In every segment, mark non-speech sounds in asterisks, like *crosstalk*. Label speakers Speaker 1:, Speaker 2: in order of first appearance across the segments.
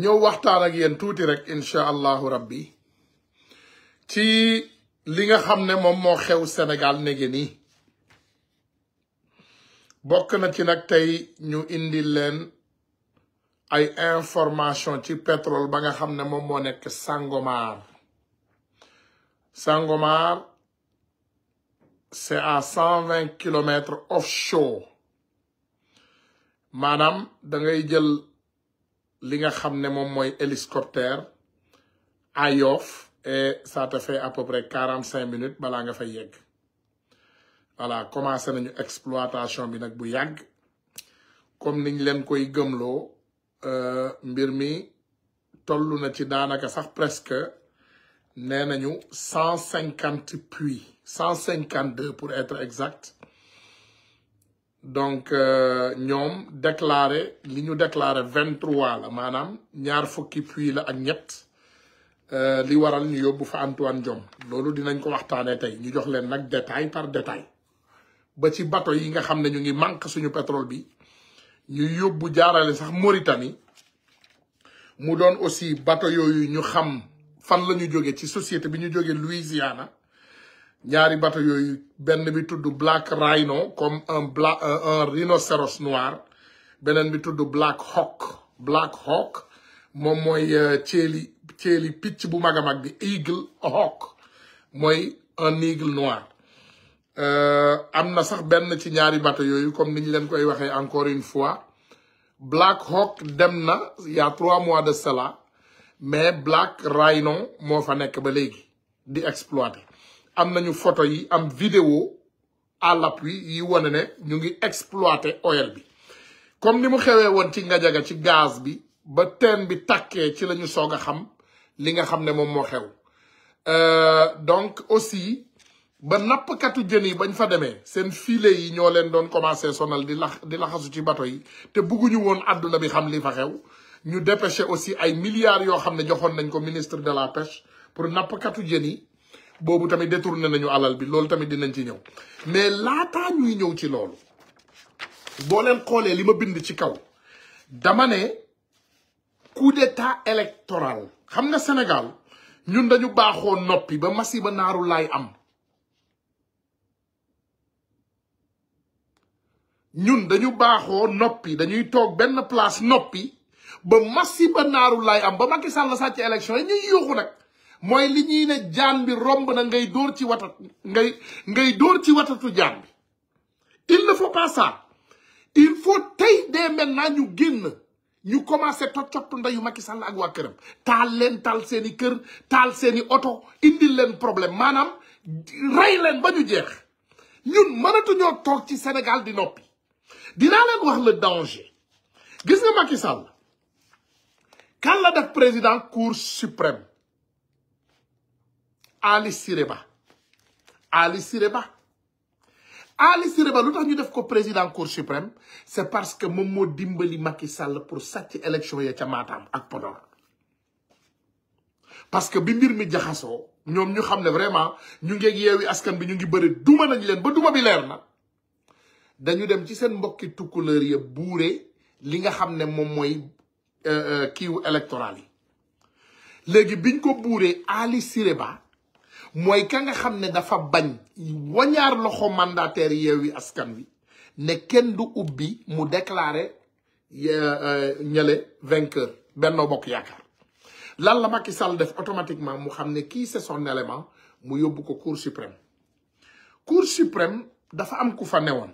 Speaker 1: ñëw waxtaan ak yéen tuuti rek incha allahu rabbi ci li nga xam ne moom moo xew Sénégal néegi nii bokk na ci nag tey ñu indi leen ay information ci pétrole ba nga xam ne moom moo nekk Sangomar Sangomar c'est à cent vingt kilomètres offshore maanaam da ngay jël li nga que mom un hélicoptère ayof et ça te fait à peu près 45 minutes bala nga fay yegg voilà commencé nañu exploitation bi nak bu yagg comme niñ len koy gemlo euh mbir tollu na ci danaka sax presque 150 puits 152 pour être exact donc euh, ñoom déclaré li ñu déclaré vingt trois la maanaam ñaar fukki puits la ak ñett euh, li waral ñu yóbbu fa Antoine Diome loolu dinañ ko waxtaanee tey ñu jox leen nag détail par détail ba ci bato yi nga xam ne ñu ngi manque suñu pétrole bi ñu yóbbu jaarale sax Mauritanie mu doon aussi bato yooyu ñu xam fan la ñu jóge ci société bi ñu jóge Louisiana ñaari bateau yoyu benn bi tudd Black Rhino comme un Black euh, un rhinocéros noir benen bi tudd Black Hawk Black Hawk mom moy euh, ceeli ceeli pitch bu mag mag bi Eagle Hawk moy un Eagle noir euh amna sax benn ci ñaari bateau yoyu comme niñ leen koy waxe encore une fois Black Hawk demna. Il y a trois mois de cela mais Black Rhino mo fa nek ba légui di exploiter am nañu photo yi am vidéo à l'appui yi wane ne ñu ngi exploité oil bi comme ni mu xewee woon ci ngajaga ci gaz bi ba teen bi takkee ci lañu soog a xam li nga xam ne moom moo xew euh, donc aussi ba nappkatu jën yi bañ fa demee seen filet yi ñoo leen doon commencé sonal di lax di laxasu ci bato yi te bugguñu woon àdduna bi xam li fa xew ñu dépêché aussi ay milliards yoo xam ne joxoon nañ ko ministre de la pêche pour nappkatu jën yi boobu tamit détourné nañu alal bi loolu tamit dinañ ci ñëw mais laataa ñuy ñëw ci loolu boo leen xoolee li ma bind ci kaw dama ne coup d'état électoral xam nga Sénégal ñun dañu baaxoo noppi ba masiba naaru laay am ñun dañu baaxoo noppi dañuy toog benn place noppi ba masiba naaru laay am ba Macky Sall sàcc élection yi ñuy yuuxu nag mooy li ñuy ne jaan bi romb na ngay door ci watat ngay ngay dóor ci watatu jaan bi il ne faut pas ça il faut tey dès maintenant ñu génn ñu commencé toccot ndeyu Macky Sall ak waa këram taal leen taal seeni kër taal seeni oto indil leen problème maanaam rey leen ba ñu jeex ñun mënatuñoo toog ci Sénégal di noppi dinaa leen wax le danger gis na Macky Sall kan la def président cour suprême Ali Sireba Ali Sireba Ali Sireba nous ñu président de président cour suprême c'est parce que Momo Macky pour cette élection ya parce que nous mbir mi nous ñu vraiment ñu nous yeewi nous bi ñu ngi nous duma nañ leen ba duma bi leer dañu dem ci nous mbokki nous li euh, euh, électoral yi biñ Ali Sireba mooy ka nga xam ne dafa bañ wañaar loxo mandataire Yewwi Askan Wi ne kenn du ubbi mu déclaré euh, euh, ñële vainqueur benn Bokk Yaakaar lan la ma ki Sall def automatiquement mu xam ne kii c'est son élément mu yóbbu ko Cour suprême Cour suprême dafa am ku fa newoon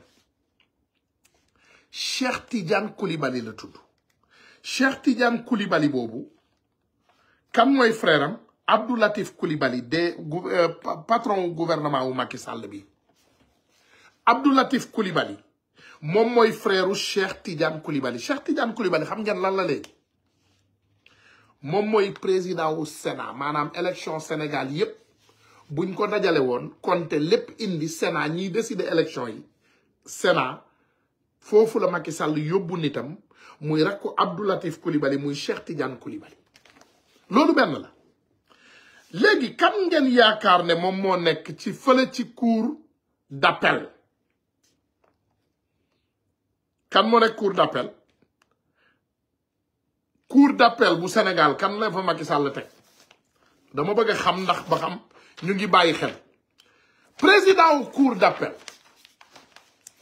Speaker 1: Cheikh Tidiane Koulibaly la tudd Cheikh Tidiane Koulibaly boobu kan mooy frère Abdou Latif Coulibaly de euh, patron gouvernement wu Macky Sall bi Abdou Latif Coulibaly moom mooy frère Cheikh Tidiane Coulibaly Cheikh Tidiane Coulibaly xam ngeen lan la léegi moom mooy président wu Sénat maanaam élection Sénégal yépp buñ ko dajale woon compter lépp indi Sénat ñiy décider élection yi Sénat foofu la Macky Sall yóbbu nitam muy rakku Abdou Latif Coulibaly muy Cheikh Tidiane Coulibaly loolu benn la léegi kan ngeen yaakaar ne moom moo nekk ci fële ci cour d'appel kan moo nekk cour d'appel cour d'appel bu Sénégal kan la fa Macky Sall teg dama bëgg a xam ndax ba xam ñu ngi bàyyi xel président wu cour d'appel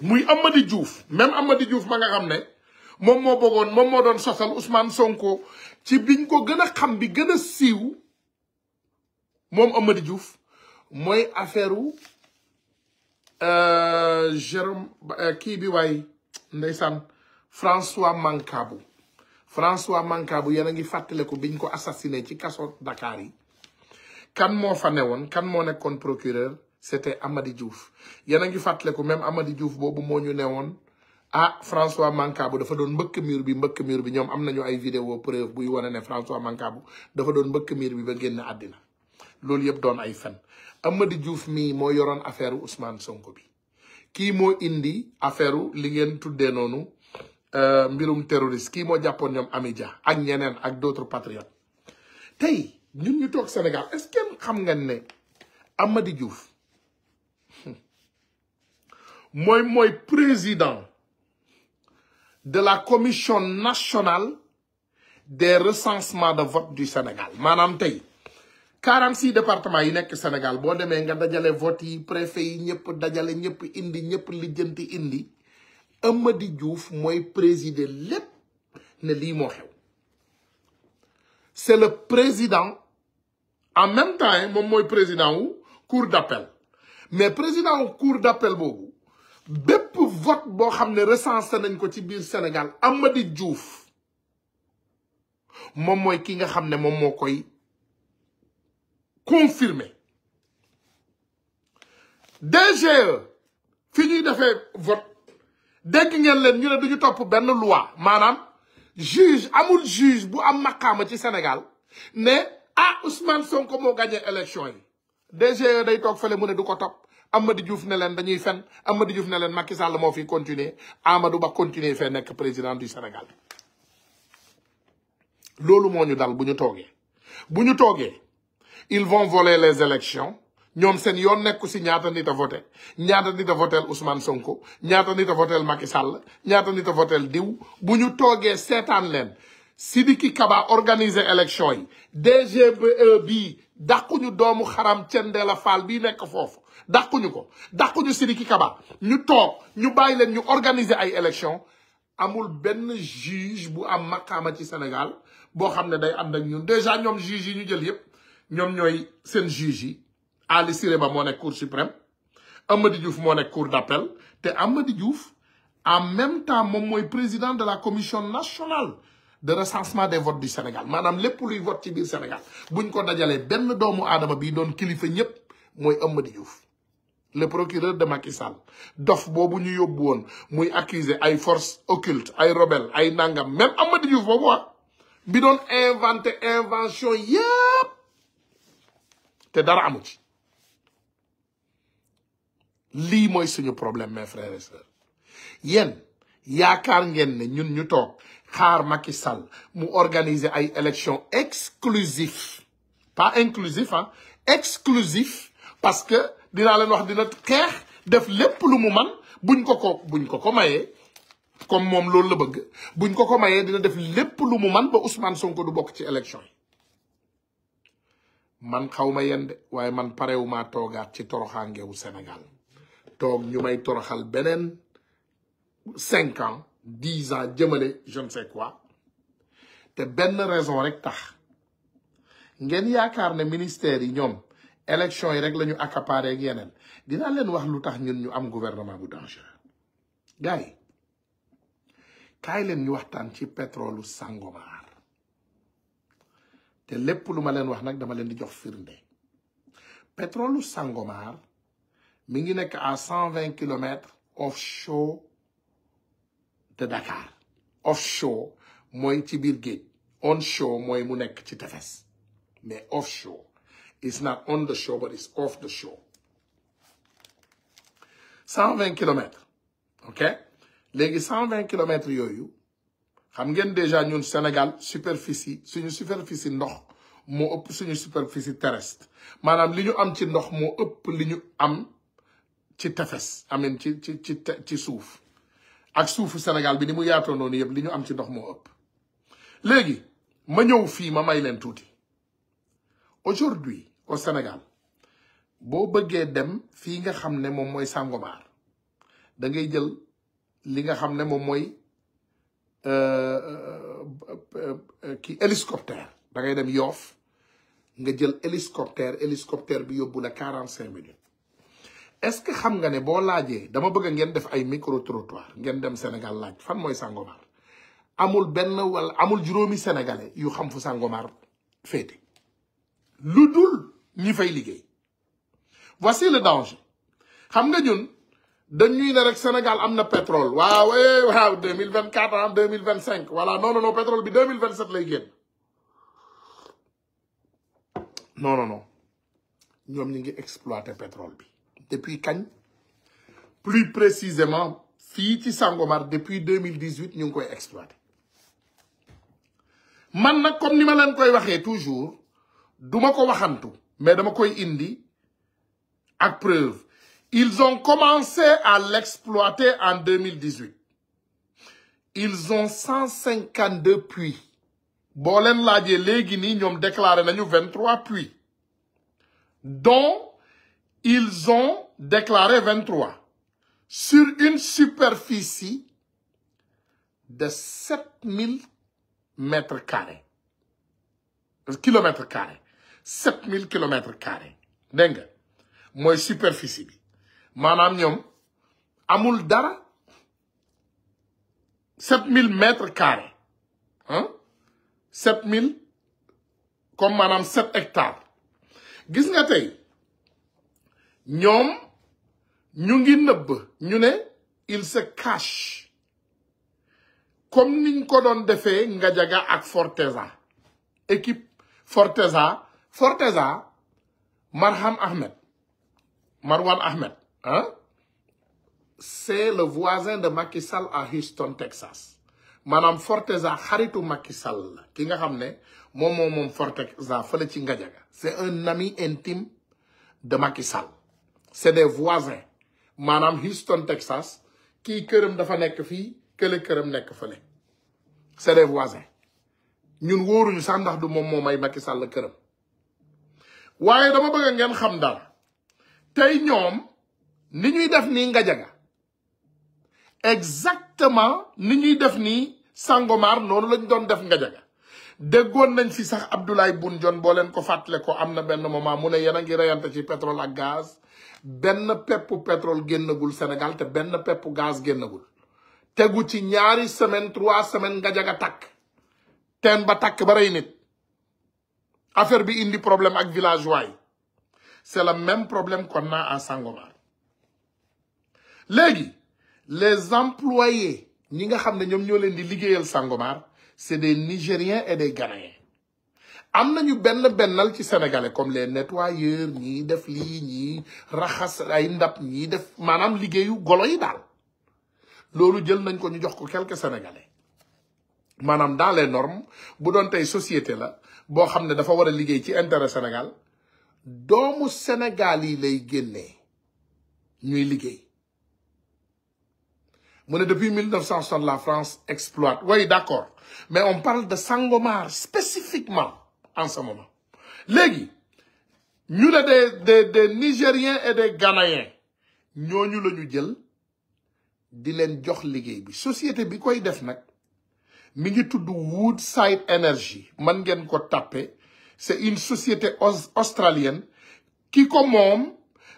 Speaker 1: muy Amady juuf même Amady juuf ma nga xam ne moom moo bëggoon moom moo doon sosal Ousmane Sonko ci biñ ko gën a xam bi gën a siiw moom Amady juuf mooy affaire u euh, Jérôme euh, kii bi waay ndeysaan François Mancabou François Mancabou yéen a ngi fàttaliku biñ ko assassiné ci kaso Dakar yi kan moo fa newoon kan moo nekkoon procureur c'était Amady Diouf yéen a ngi fàttaliku même amadi Diouf boobu moo ñu a ah François Mancabou dafa doon mbëkk miir bi mbëkk miir bi ñoom am nañu ay vidéo pour buy wane ne François Mancabou dafa doon mbëkk miir bi ba génn àddina loolu yëpp doon ay fen amadi juuf mi moo yoroon affaire Ousmane Sonko bi kii moo indi affaire li ngeen tuddee noonu euh, mbirum terroriste kii moo jàppoon ñoom Amidia ak ñeneen ak d'autres patriotes tey ñun ñu toog Sénégal est-ce que xam nga ne amadi juuf *laughs* mooy mooy président de la commission nationale des recensements de vote du Sénégal maanaam tey 46 départements yi nekk Sénégal boo demee nga dajale vote yi préfet yi ñëpp dajale ñëpp indi ñëpp lijjanti indi Amady juuf mooy présider lépp ne lii moo xew c'est le président en même temps moom mooy président wu cour d'appel mais président wu cour d'appel boobu bépp vote boo xam ne recensé nañ ko ci biir Sénégal Amady Diouf moom mooy ki nga xam ne moom moo koy confirmé DGE fini de faire vote Dès que de ñu ne duñu loi madame, juge amul juge bu am ci Sénégal ne ah Ousmane Sonko mo gagné élection yi DGE day toog fële mu du ko top. Amadou Diouf ne leen dañuy fen Amadou Diouf ne Macky Sall fi continuer continuer président du Sénégal dal buñu togué ils vont voler les élections ñoom seen yoon nekku si ñaata nit a voter ñaata nit a voter Ousmane Sonko ñaata nit a voter Macky Sall ñaata nit a voter Diou buñu ñu sétane seetaan leen Sidiki Kaba organiser élection yi DGBE bii dàquñu doomu xaram la Fall bi nek fofu dàquñu ko Sidi Sidiki Kaba ñu toog ñu bàyyi ñu organiser ay élection amul Ben juge bu am maqaama ci Sénégal bo xamné day and ak ñun déjà ñom juge yi ñu jël yépp ñom ñoy sen juge yi Ali Sireba mo nekk cour suprême Amadou Diouf mo cour d'appel te Amadou Diouf en même temps mom moy président de la commission nationale de recensement des votes du Sénégal manam lépp luy vote ci biir Sénégal buñ ko dajalé benn doomu adama bi doon kilifa ñépp moy Diouf le procureur de Macky Sall dof bobu ñu yóbbu won moy accusé ay forces occultes ay rebelles ay nangam même Amadou Diouf bobu ah, bi doon inventé invention yep te dara amu ci li moy suñu problème mes frères et sœurs yéen yaakaar ngeen ne ñun ñu tok xaar Macky mu organiser ay élections exclusif pas inclusif hein, exclusif parce que dina leen wax dina xeex def lepp lu mu man buñ ko ko buñ ko ko mayé comme mom loolu la bëgg buñ ko ko mayé dina def lepp lu mu man ba Ousmane Sonko du bok ci élection man xaw ma yende waaye man parewuma toogaat ci toroxaangewu Sénégal toog ñu may toroxal beneen cinq ans dix ans jëmale je ne sais quoi te benn raison rek tax ngeen yaakaar ne ministère yi ñoom élection yi rek lañu ñu yeneen dinaa leen wax lu tax ñun ñu am gouvernement bu dangereux gars yi kaay leen ñu waxtaan ci pétrolu Sangomar Et ce que je vous dire, c'est que je vais pétrole Sangomar, il est à 120 km offshore de Dakar. Offshore, c'est un petit On-shore, Onshore, c'est un petit peu Mais offshore, it's not on the shore, but it's off the shore. 120 km. OK? Les 120 km, xam ngeen déjà ñun Sénégal superficie suñu superficie ndox moo ëpp suñu superficie terrestre maanaam li ñu am ci ndox moo ëpp li ñu am ci tefes amin ci ci ci ci suuf ak suufu Sénégal bi ni mu yaatoo noonu yëpp li ñu am ci ndox moo ëpp léegi ma ñëw fii ma may leen tuuti aujourd'hui au Sénégal boo bëggee dem fii nga xam ne moom mooy Sangomar da ngay jël li nga xam ne moom mooy E, e, e, kii hélicoptère dangay ngay dem yoof nga jël hélicoptère hélicoptère bi yóbbu la quarante cinq minutes est-ce que xam nga ne boo laajee dama bëgg ngeen def ay micro trottoir ngeen dem Sénégal laaj fan mooy Sangomar amul benn wala amul juróomi sénégalais yu xam fu Sangomar féete lu dul ñi fay liggéey voici le danger xam nga ñun Nous le Sénégal a le pétrole. Wow, wow, 2024, 2025. Voilà, non, non, non, pétrole, 2027, les gars. Non, non, non. Nous avons exploité le pétrole. Depuis quand Plus précisément, Fiti Sangomar, depuis 2018, nous avons exploité. Maintenant, comme je vous le toujours, je ne vous mais je vous le indi, avec preuve. Ils ont commencé à l'exploiter en 2018. Ils ont 152 puits. Bolen l'a dit. léegi nous déclaré 23 puits dont ils ont déclaré 23. sur une superficie de 7000 mètres carrés kilomètres carrés 7000 km kilomètres carrés superficie manam ñom amul dara 7000 mètres carrés 7000 hein? comme madame, 7 hectares gis nga tay ñom ñu ngi il se cache comme niñ ko fait, nous nga jaga ak forteza équipe forteza forteza marham ahmed marwan ahmed Hein? C'est le voisin de Macky Sall à Houston, Texas. Madame Forteza xaritu Macky Sall la ki nga xam ne mom moom moom Forteza fële ci Ngajaga c'est un ami intime de Macky Sall c'est des voisins Madame Houston Texas ki keureum dafa fi, que le keureum nek fele. c'est des voisins ñun wóoruñu sax ndax du mom ma Macky Sall keureum. Waye dama bëgg ngeen xam daal tey ñom ni ñuy def nii Ngajaga exactement ni ñuy def nii Sangomar noonu lañ doon def Ngajaga déggoon nañ fi sax Abdoulaye Boun Dionne boo leen ko fàttale ko am na benn moment mu ne yéen a ngi reyante ci pétrole ak gaz benn peppu pétrole génnagul Sénégal te benn peppu gaz génnagul tegu ci ñaari semaine trois semaines Ngajaga takk teen ba takk ba rey affaire bi indi problème ak villageois yi c'est le même problème qu'on a à Sangomar Légi, les employés ni nga xam ñom ñoom ñoo leen di liggéeyal Sangomar c'est des Nigériens et des Ghanéens Amna ñu benn bennal ci sénégalais comme les nettoyeurs ni def li ñii raxas ay ndab ñii def manam liggéeyu golo yi dal. loolu jël nañ ko ñu jox ko quelques sénégalais Manam dans les normes bu doon tay société la bo xam dafa wara liggéey ci intérêt Sénégal doomu Sénégal yi lay génné ñuy liggéey depuis 1960 la France exploite oui d'accord mais on parle de Sangomar spécifiquement en ce moment Légui, nous, sommes des des Nigériens et des Ghanéens nous jël di société bi koy def Woodside Energy man c'est une société australienne qui, comme moi,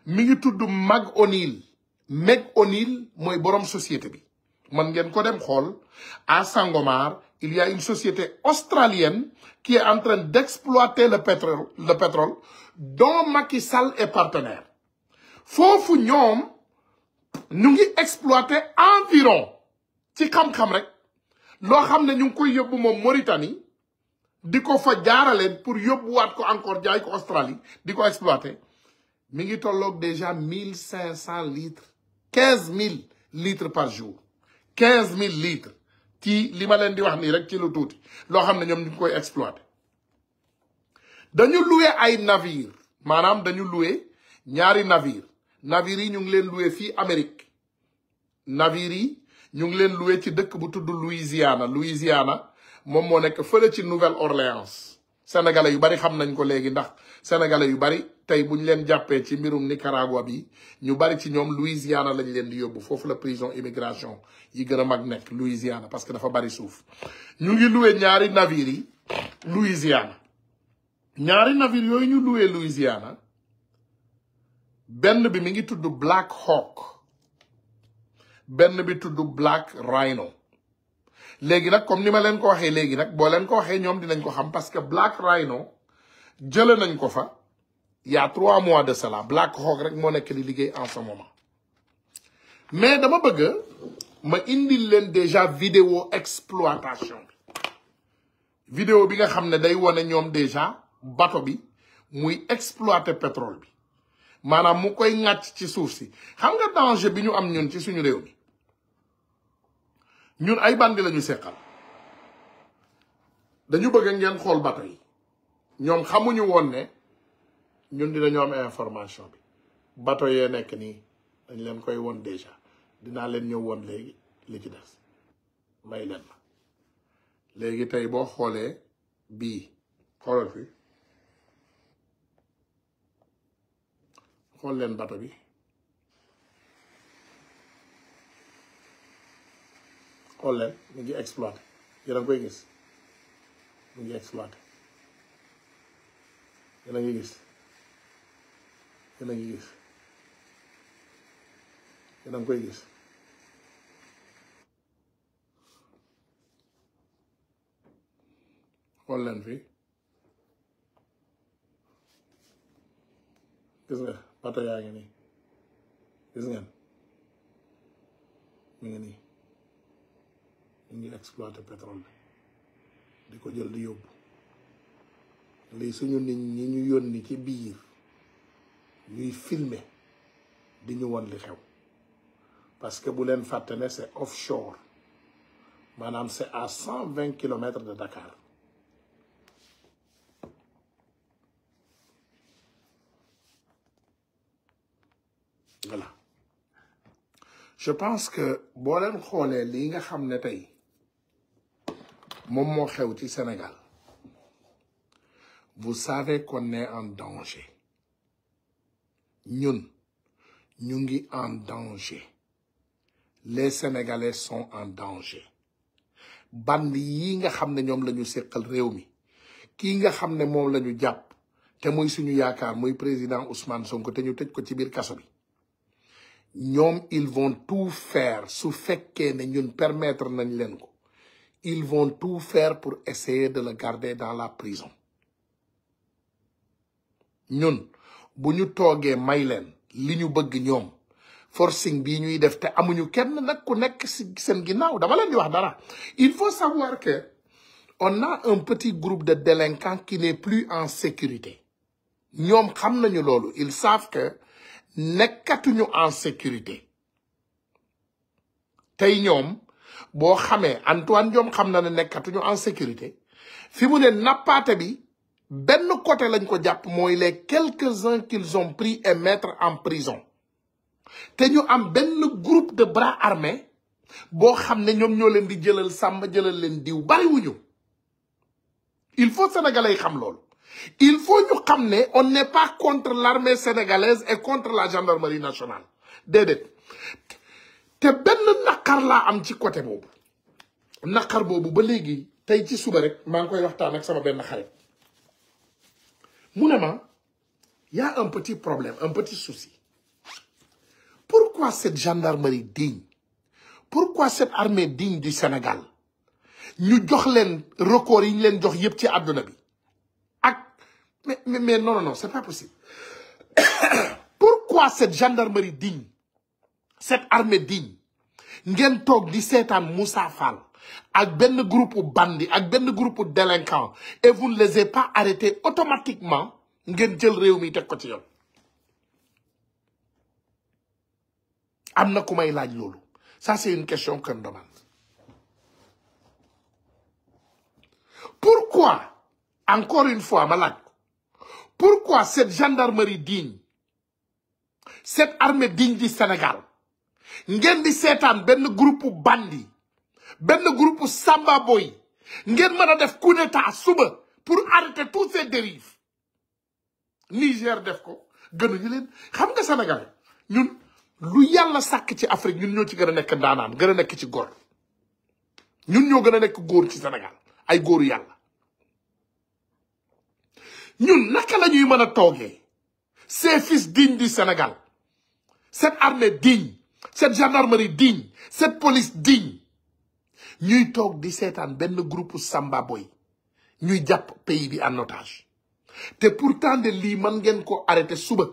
Speaker 1: de Mag O'Neill Meg O'Neill mooy borom société bi man ngeen ko dem à Sangomar il y a une société australienne qui est en train d'exploiter le pétrole le pétrole dont Macky Sall est partenaire Fofu ñoom ñu ngi exploiter environ ci xam-xam rek lo xamne ñu koy mom Mauritanie diko fa pour wat ko encore jaay ko Australie diko exploiter mi ngi déjà mille litres quinze mille litres par jour quinze mille litres ci li ma leen di wax nii rek ci lu tuuti loo xam ne ñoom ñu ngi koy exploiter dañu loué ay navire maanaam dañu loué ñaari navire navire yi ñu ngi leen loué fii Amérique navire yi ñu ngi leen loué ci dëkk bu tudd Louisiana Louisiana moom moo nekk fële ci Nouvelle-Orléans sénégalais yu bari xam nañ ko léegi ndax sénégalais yu bari tey bu ñu leen jàppee ci mbirum Nicaragua bi ñu bari ci ñoom Louisiana lañ leen di yóbbu foofu la prison immigration yi gën a mag nekk Louisiana parce que dafa bari suuf ñu ngi loué ñaari navire yi Louisiana ñaari navire yooyu ñu loué Louisiana benn bi mi ngi tudd Black Hawk benn bi tudd Black Rhino léegi nag comme ni ma leen ko waxee léegi nag boo leen ko waxee ñoom dinañ ko xam parce que Black Rhino jële nañ ko fa il y a trois mois de cela Black Hawk rek moo nekk di liggéey en ce mais dama bëgg ma indil leen déjà vidéo exploitation bi vidéo bi nga xam ne day wane ñoom déjà bato bi muy exploiter pétrole bi maanaam mu koy ŋàcc ci suuf si xam nga danger bi ñu am ñun ci suñu réew mi ñun ay bandi lañu seqal dañu bëgga ngeen xool bato yi ñoom xamuñu woon ne ñun dina ñoo am information bi bato yee nekk nii dañ leen koy won déjà dinaa leen ñëw won léegi li ci des may leen ma léegi tey boo xoolee bii xoolal fi xool leen bato bi xool leen mu ngi exploité yéen a koy gis mu ngi exploité yéen a ngi gis yéen a gis yéen koy gis xool fi gis nga bato yaa ngi nii gis ngeen mi ngi nii ngi exploité pétrole di ko jël di yóbbu lii suñu nit ñi ñu yónni ci biir lui filmer won li parce que bu leen c'est offshore Madame, c'est à 120 km de Dakar voilà je pense que boo leen xoolee de nga xam ne tey Sénégal vous savez qu'on est en danger nous, nous sommes en danger les sénégalais sont en danger band yi nga xam ñom lañu sékkal ñu séqal réew mi kii nga xam mom lañu japp té moy le suñu yaakar moy président Ousmane Sonko te ñu tëj ko ci biir kaso bi ñom ils vont tout faire su fekké ne ñun permettre nañ leen ko ils vont tout faire pour essayer de le garder dans la prison ñun buñu togué maylen liñu bëgg ñom forcing bi ñuy def té amuñu kenn nak ku nekk ci seen ginnaw dama leen di wax dara il faut savoir que on a un petit groupe de délinquants qui n'est plus en sécurité ñom xam nañu loolu ils savent que ñu en sécurité tay ñom bo xamé Antoine ñom xam na ne ñu en sécurité fi mu ne napaté bi ben côté lañ ko japp moy les quelques-uns qu'ils ont pris et mettre en prison té ñu am ben groupe de bras armés bo xamné ne ñoom ñoo leen di jëlal sàmm jëlal leen bari wuñu il faut sénégalais xam il faut ñu xam ne on n'est pas contre l'armée sénégalaise et contre la gendarmerie nationale déedéet te ben nakar la am ci côté boobu nakar bobu ba légui tay ci suba rek ma ngi koy waxtaan ak sama ben xarit Mounama, il y a un petit problème un petit souci pourquoi cette gendarmerie digne pourquoi cette armée digne du Sénégal Nous jox record yi ñu jox ci mais non, non non ce n'est pas possible *coughs* pourquoi cette gendarmerie digne cette armée digne ngeen tok di setan Moussa Fall ak ben groupe bandi ak ben groupe délinquant et vous ne les avez pas arrêtés automatiquement ngeen jël réew mi teg ko ci yoon. amna na ku may ça c'est une question qu'on demande pourquoi encore une fois pourquoi cette gendarmerie digne cette armée digne du Sénégal ngeen di seetaan benn group bandi benn group samba ngeen mën a def coup d'état suba pour arrêter tous ces dérives Niger def ko gënuñu leen xam nga sénégalais ñun lu yàlla sàkk ci Afrique ñun ñoo ci gën a nekk ndaanaan gën a nekk ci góor ñun ñoo gën a nekk góor ci Sénégal ay góor yàlla ñun naka la ñuy mën a toogee ces fils dignes du Sénégal cette armée digne cette gendarmerie digne cette police digne ñuy 17 di seetaan un groupe samba boy ñuy un pays en otage Et pourtant de li man ngeen ko arrêté suba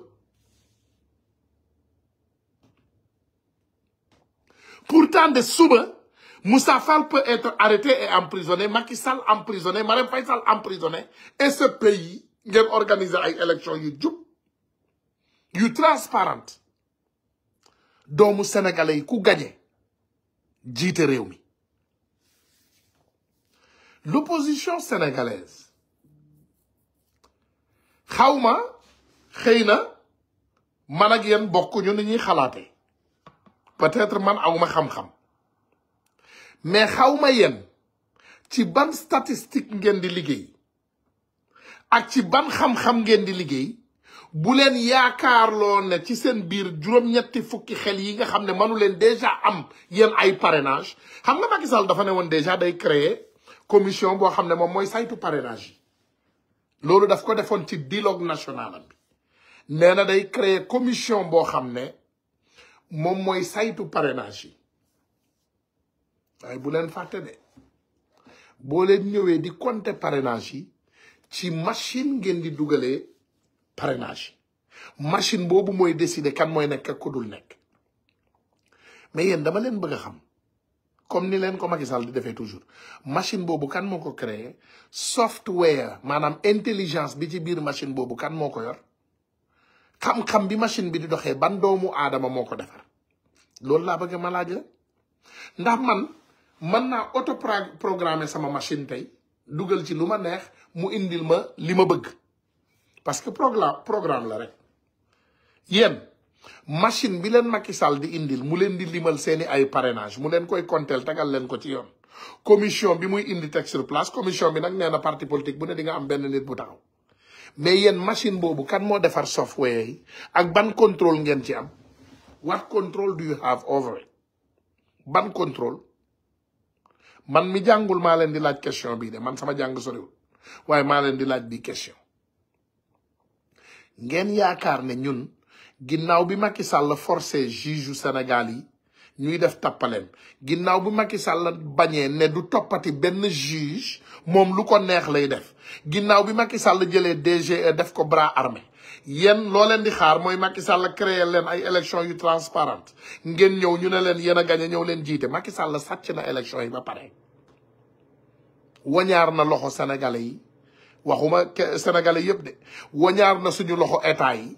Speaker 1: pourtant de suba Moussa Fall peut être arrêté et emprisonné Macky Sall emprisonné Marem Faye emprisonné et ce pays ngeen organiser ay élections yu jub yu transparente doomu sénégalais yi ku gañe jiite réew mi l'opposition sénégalaise xawma xëy na man ak yéen bokkuñu ni ñuy xalaate peut-être man awma xam-xam mais xawma yéen ci ban statistique ngeen di liggéey ak ci ban xam-xam ngeen di liggéey bu leen yaakaar yaakaarloo ne ci seen biir juróom-ñetti fukki xel yi nga xam ne mënu leen déjà am yéen ay parrainage xam nga Macky Sall dafa ne woon déjà day créer commission boo xam ne moom mooy saytu parrainage yi loolu daf ko defoon ci dialogue national am bi na day créer commission boo xam ne moom mooy saytu parrainage yi waaye bu leen fàtte de boo leen ñëwee di compter parrainage yi ci machine ngeen di dugalee parrainage machine boobu mooy décider kan mooy nekk ak ku nekk mais yéen dama leen bëgg a xam comme ni leen ko Macky Sall di defee toujours machine boobu kan moo ko créé software maanaam intelligence bi ci biir machine boobu kan moo ko yor xam-xam bi machine bi di doxee ban doomu aadama moo ko defar loolu laa bëgg ma laaj la ndax man mën naa auto programme sama machine tey dugal ci lu ma neex mu indil ma li ma bëgg parce que programme programme la rek yéen machine bi len Macky Sall di indil mu len di limal seni ay parrainage mu len koy contel tagal len ko ci yoon commission bi muy indi tek sur place commission bi nak nee parti politique bu ne di nga am ben nit bu taxaw mais machine bobu kan mo defar software yi ak ban contrôle ngeen ci am what control do you have over it ban contrôle man mi jangul malen leen di laaj question bi de man sama jàng sori waaye maa malen di laaj bi question ngeen yaakaar ne ñun ginnaaw bi Macky Sall forcé juge Sénégal yi ñuy def tappaleem ginnaaw bi Macky Sall bañee ne du toppati benn juge moom lu ko neex lay def ginnaaw bi Macky Sall jëlee DGE def ko bras armé yéen loo leen di xaar mooy Macky Sall créer leen ay élections yu transparente ngeen ñëw ñu ne leen yéen a gañe ñëw leen jiite Macky Sall sàcc na élections yi ba pare wañaar na loxo sénégalais yi waxuma sénégalais yëpp de wañaar na suñu loxo état yi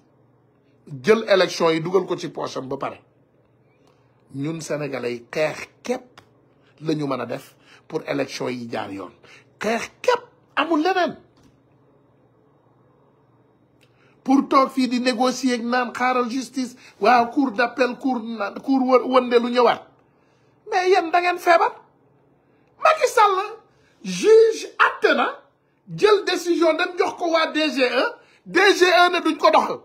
Speaker 1: jël élection yi dugal ko ci poosam ba pare ñun sénégalais yi xeex képp la ñu mën a def pour élection yi jaar yoon xeex képp amul leneen pour toog fii di négocier ak naan xaaral justice waa cour d'appel cour cour wënde ñëwaat mais yéen da ngeen feebar Macky Sall juge atte na jël décision dem jox ko waa DGE DGE ne duñ ko doxal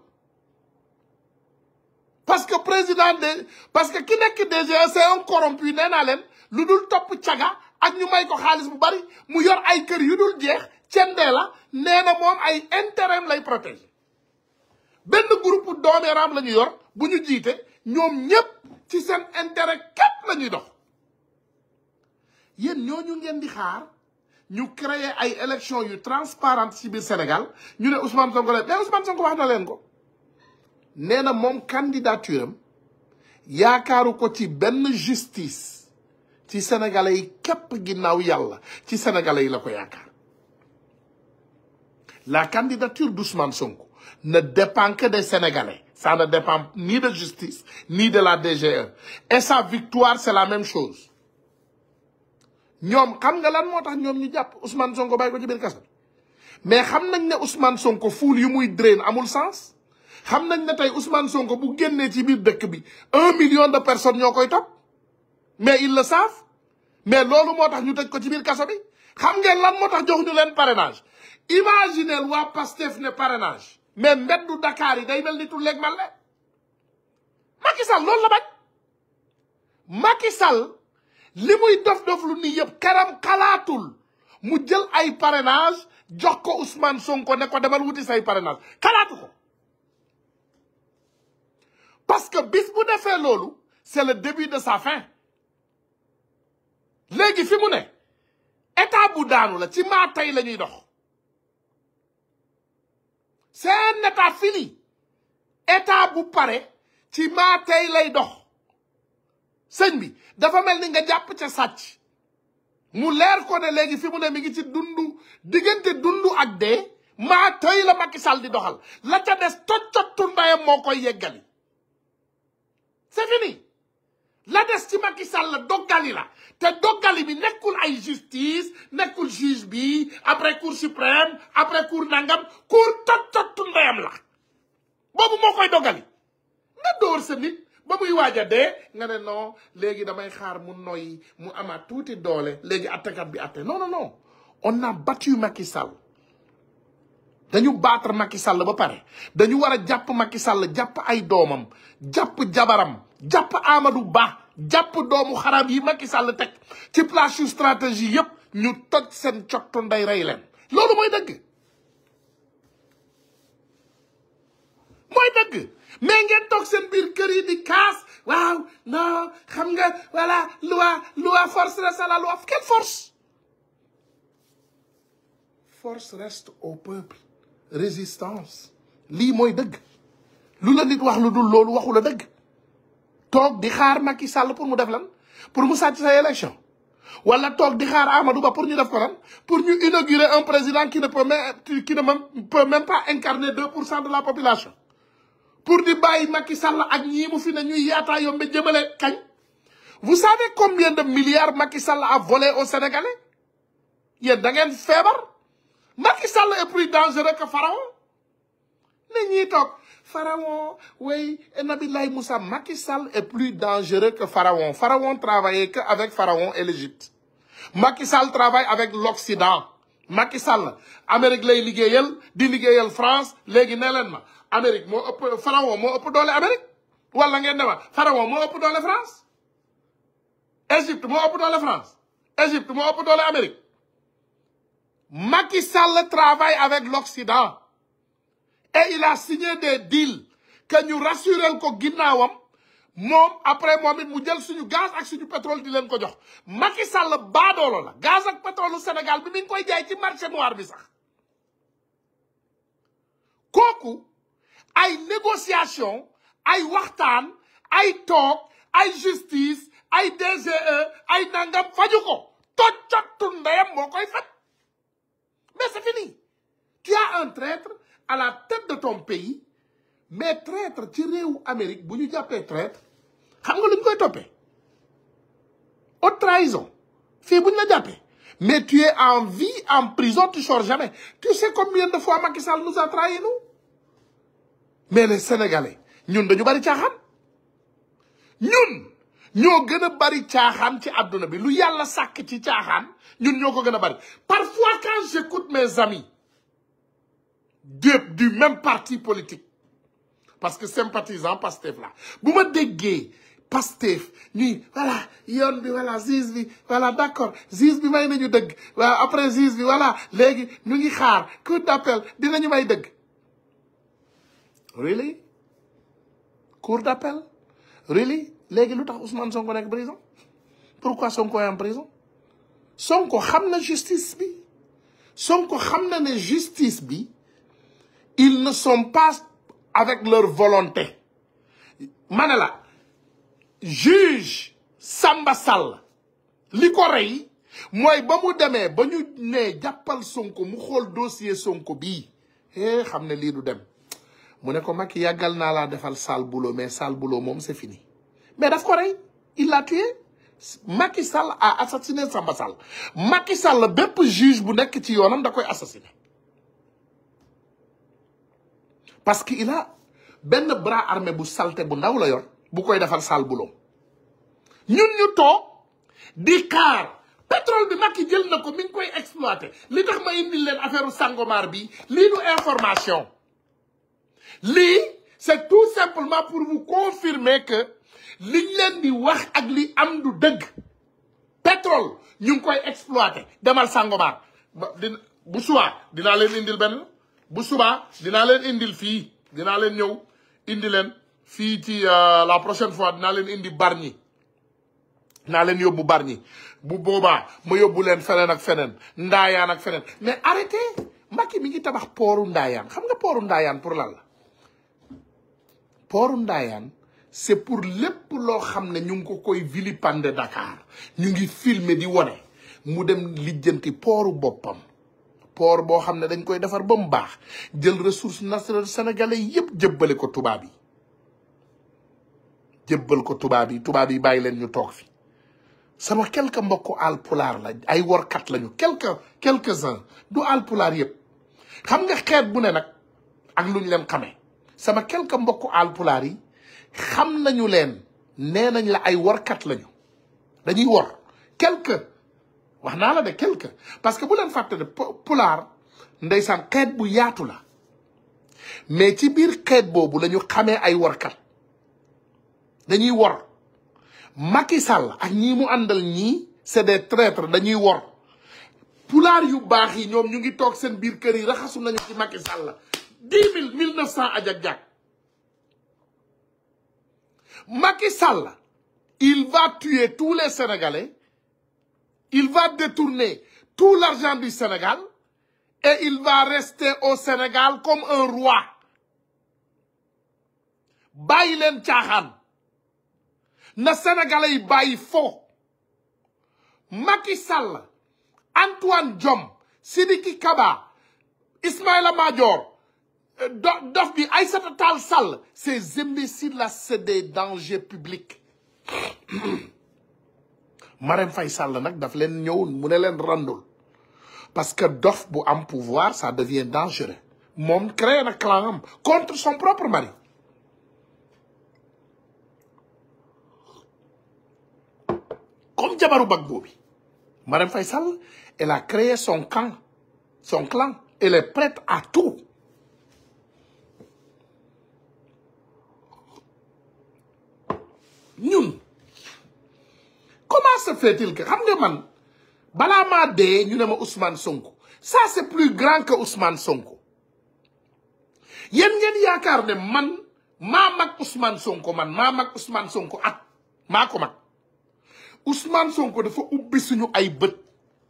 Speaker 1: parce que président de parce que ki nekk DGE c'est un corrompu nee leen lu dul topp caga ak ñu may ko xaalis bu bari mu yor ay kër yu dul jeex cendee la nee na moom ay intérêt lay protéger benn groupe doomeeraam la ñu yor bu ñu jiite ñoom ñépp ci seen intérêt képp la ñuy dox yéen ñooñu ngeen di xaar Nous créer une élection transparente ci Sénégal Nous sommes Ousmane Sonko mais Ousmane Sonko wax na leen ko na candidature a yaakaaru ko ci ben justice ci sénégalais yi képp ginnaaw yàlla ci sénégalais la ko yaakaar la candidature d'Ousmane Sonko ne dépend que des sénégalais ça ne dépend ni de justice ni de la DGE et sa victoire c'est la même chose ñoom xam nga lan moo tax ñoom ñu jàpp Ousmane Sonko bàyyi ko ci biir kaso mais xam nañ ne Ousmane Sonko fuul yu muy drain amul sens xam nañ ne tey Ousmane Sonko bu génnee ci biir dëkk bi un million de personne ñoo koy topp mais il le savent mais loolu moo tax ñu tëj ko ci biir kaso bi xam ngeen lan moo tax jox joxuñu leen parrainage imaginez waa Pastef ne parrainage mais mbeddu Dakar yi day mel ni tulleeg mal le Macky Sall loolu la bañ Macky Sall li muy dof-dof lu nii yëpp karam kalaatul mu jël ay parrainage jox ko Ousmane Sonko ne ko demal wuti say parrainage kalaatu ko parce que bis bu defee loolu c'est le début de sa fin léegi fi mu ne état bu daanu la ci maa tey la ñuy dox c'est un état fini état bu pare ci maa tey lay dox sëñ bi dafa mel ni nga jàpp ca sàcc mu leer ko ne léegi fi mu ne mi ngi ci dundu diggante dundu ak dee maa tey la Macky Sall di doxal la ca des toccottu ndayam moo koy yeggali c'est la des ci Macky Sall la doggali la te doggali bi nekkul ay justice nekkul juge bi après cour suprême après cour nangam cour toccottu ndayam la boobu moo koy doggali na dóor sa nit ba muy waaj a dee nga ne noo léegi damay xaar mu noyyi mu amaat tuuti doole léegi attekat bi atte non non non on a battu Macky Sall dañu battre Macky Sall ba pare dañu war a jàpp Macky Sall jàpp ay doomam jàpp jabaram jàpp Amadou Ba jàpp doomu xarab yi Macky Sall teg ci place yu stratégie yëpp ñu toj seen cottu nday rey leen loolu mooy dëgg mooy dëgg mais ngeen tok seen bir kër yi di casse. « waaw non xam nga voilà loi loi force reste à la loi quelle force force reste au peuple résistance Li moy deug lu la nit wax lu dul loolu waxu la deug tok di xaar Macky Sall pour mu def lan pour mu satisfaire l'élection élection wala tok di xaar Amadou Ba pour ñu def ko lan pour ñu inaugurer un président qui ne peut même qui ne peut même pas incarner 2% de la population pour di bàyyi Macky Sall ak ñii mu fi ne ñuy vous savez combien de milliards Macky Sall a volé au Sénégalais Il da ngeen fébar Macky Sall est plus dangereux que Pharaon ñi tok Pharaon oui Nabilay Moussa Macky Sall est plus dangereux que Pharaon Pharaon travaillait que avec Pharaon et l'Égypte Macky Sall travaille avec l'Occident Macky Sall Amérique lay liggéeyal di France légui nélen Amérique moi, ëpp pharaon mo ëpp dole Amérique wala ngeen ne ma pharaon moo ëpp doole France Égypte mo ëpp dole France Égypte mo ëpp dole Amérique Macky Sall travaille avec l'Occident et il a signé des deals que nous rassurons ko ginnaawam Mom, après moom il mu jël suñu gaz ak suñu pétrole di leen ko jox Macky Sall baadoolo la gaz ak pétrole Sénégal bi il ngi koy jaay ci marché noir bi sax ay négociation ay waxtaan ay talk, ay justice ay DGE aïe nangam faju tout le monde mais c'est fini tu as un traître à la tête de ton pays mais traître es où Amérique vous traître xam nga lu pas koy trahison mais tu es en vie en prison tu ne sors jamais tu sais combien de fois Macky nous a trahi nous mais les sénégalais ñun dañu bari caaxaan ñun ñoo gën a bari caaxaan ci àdduna bi lu yàlla sàkk ci caaxaan ñun ñoo ko gën a bari parfois quand j'écoute mes amis de du même parti politique parce que sympathisant Pastef la bu ma déggee Pastef ñuy voilà yoon bi voilà Ziz voilà d'accord Ziz bi may nañu dëgg waaw après Ziz voilà léegi ñu ngi xaar cour d'appel dinañu may dëgg really cour d'appel really les Ousmane Sonko prison pourquoi sont est en prison Sonko justice bi Sonko justice ils ne sont pas avec leur volonté Manela, juge Samba Sal, li ko rey dit ba mu dossier Sonko mu ne ko Macky yagal na la defal sal boulot mais sal boulot mom c'est fini mais daf ko rey il l'a tué Macky Sall a assassiné Samba Sall Macky Sall bep juge bu nek ci yonam da koy assassiné parce que il a ben bras armé bu salte bu ndaw la yor bu koy defal sal boulot ñun ñu toog di pétrole bi Macky jël na ko koy exploité li tax ma indil leen affaire u Sangomar bi lii information Li, c'est tout simplement pour vous confirmer que liñ len di wax ak li am du deug. pétrole ñung koy exploiter. demal bu dina len indil ben, bu indil dina euh, la prochaine fois dina indi barni, dina len yobbu barni, bu boba ma yobbu len mais arrêtez maki mi ngi tabax poru ndayan. xam nga pour lan pooru ndaayaan c'est pour lépp loo xam ne ñu ngi ko koy vilipande Dakar ñu ngi filmer di wone mu dem lijjanti pooru boppam poor boo xam ne dañ koy defar ba mu baax jël ressource naturelle sénégalais yépp jëbbale ko tubaab yi jëbbal ko tubaab yi tubaab yi bàyyi leen ñu toog fi sama quelque mbokku alpulaar la ay workat lañu quelque quelques uns du alpulaar yépp xam nga xeet bu ne nag ak lu leen xamee sama mbokk al pular yi xam nañu len nenañ la ay warkat lañu dañuy wor quelques waxna nala la de quelques parce que bu len fatte de pular ndaysan xet bu yaatu la mais ci bir xet bobu lañu xamé ay wor warkat dañuy wor Macky Sall ak ñi mu andal ñi c'est des traîtres dañuy wor pular yu bax yi ñom ñu ngi tok seen bir keur yi raxasu nañu ci Macky Sall 10 000 1900 neuf Macky Sall il va tuer tous les Sénégalais il va détourner tout l'argent du Sénégal et il va rester au Sénégal comme un roi Bailen Tchahan, le sénégalais yi faux. Macky Sall Antoine Jom, Sidiki Kaba Ismaël Major dof bi ces imbéciles là c'est des dangers publics *clears throat* Marem Faisal, daf mu parce que dof en pouvoir ça devient dangereux Mon crée un clan contre son propre mari comme jabaru Bagbobi, bi Faisal, elle a créé son camp son clan elle est prête à tout comment se fait-il que Vous nga man balaa Ousmane Sonko ça c'est plus grand que Ousmane Sonko Vous, ngeen man Ousmane Sonko man ma Ousmane Sonko at Ousmane Sonko ay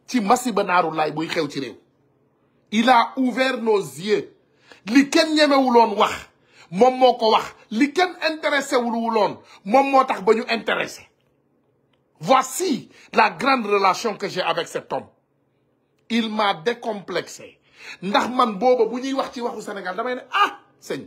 Speaker 1: ci masiba xew il a ouvert nos yeux li mom moko wax li kenn intéressé wul moom mom motax bañu intéressé voici la grande relation que j'ai avec cet homme il m'a décomplexé ndax man bobu buñuy wax ci waxu Sénégal damay né ah sëñ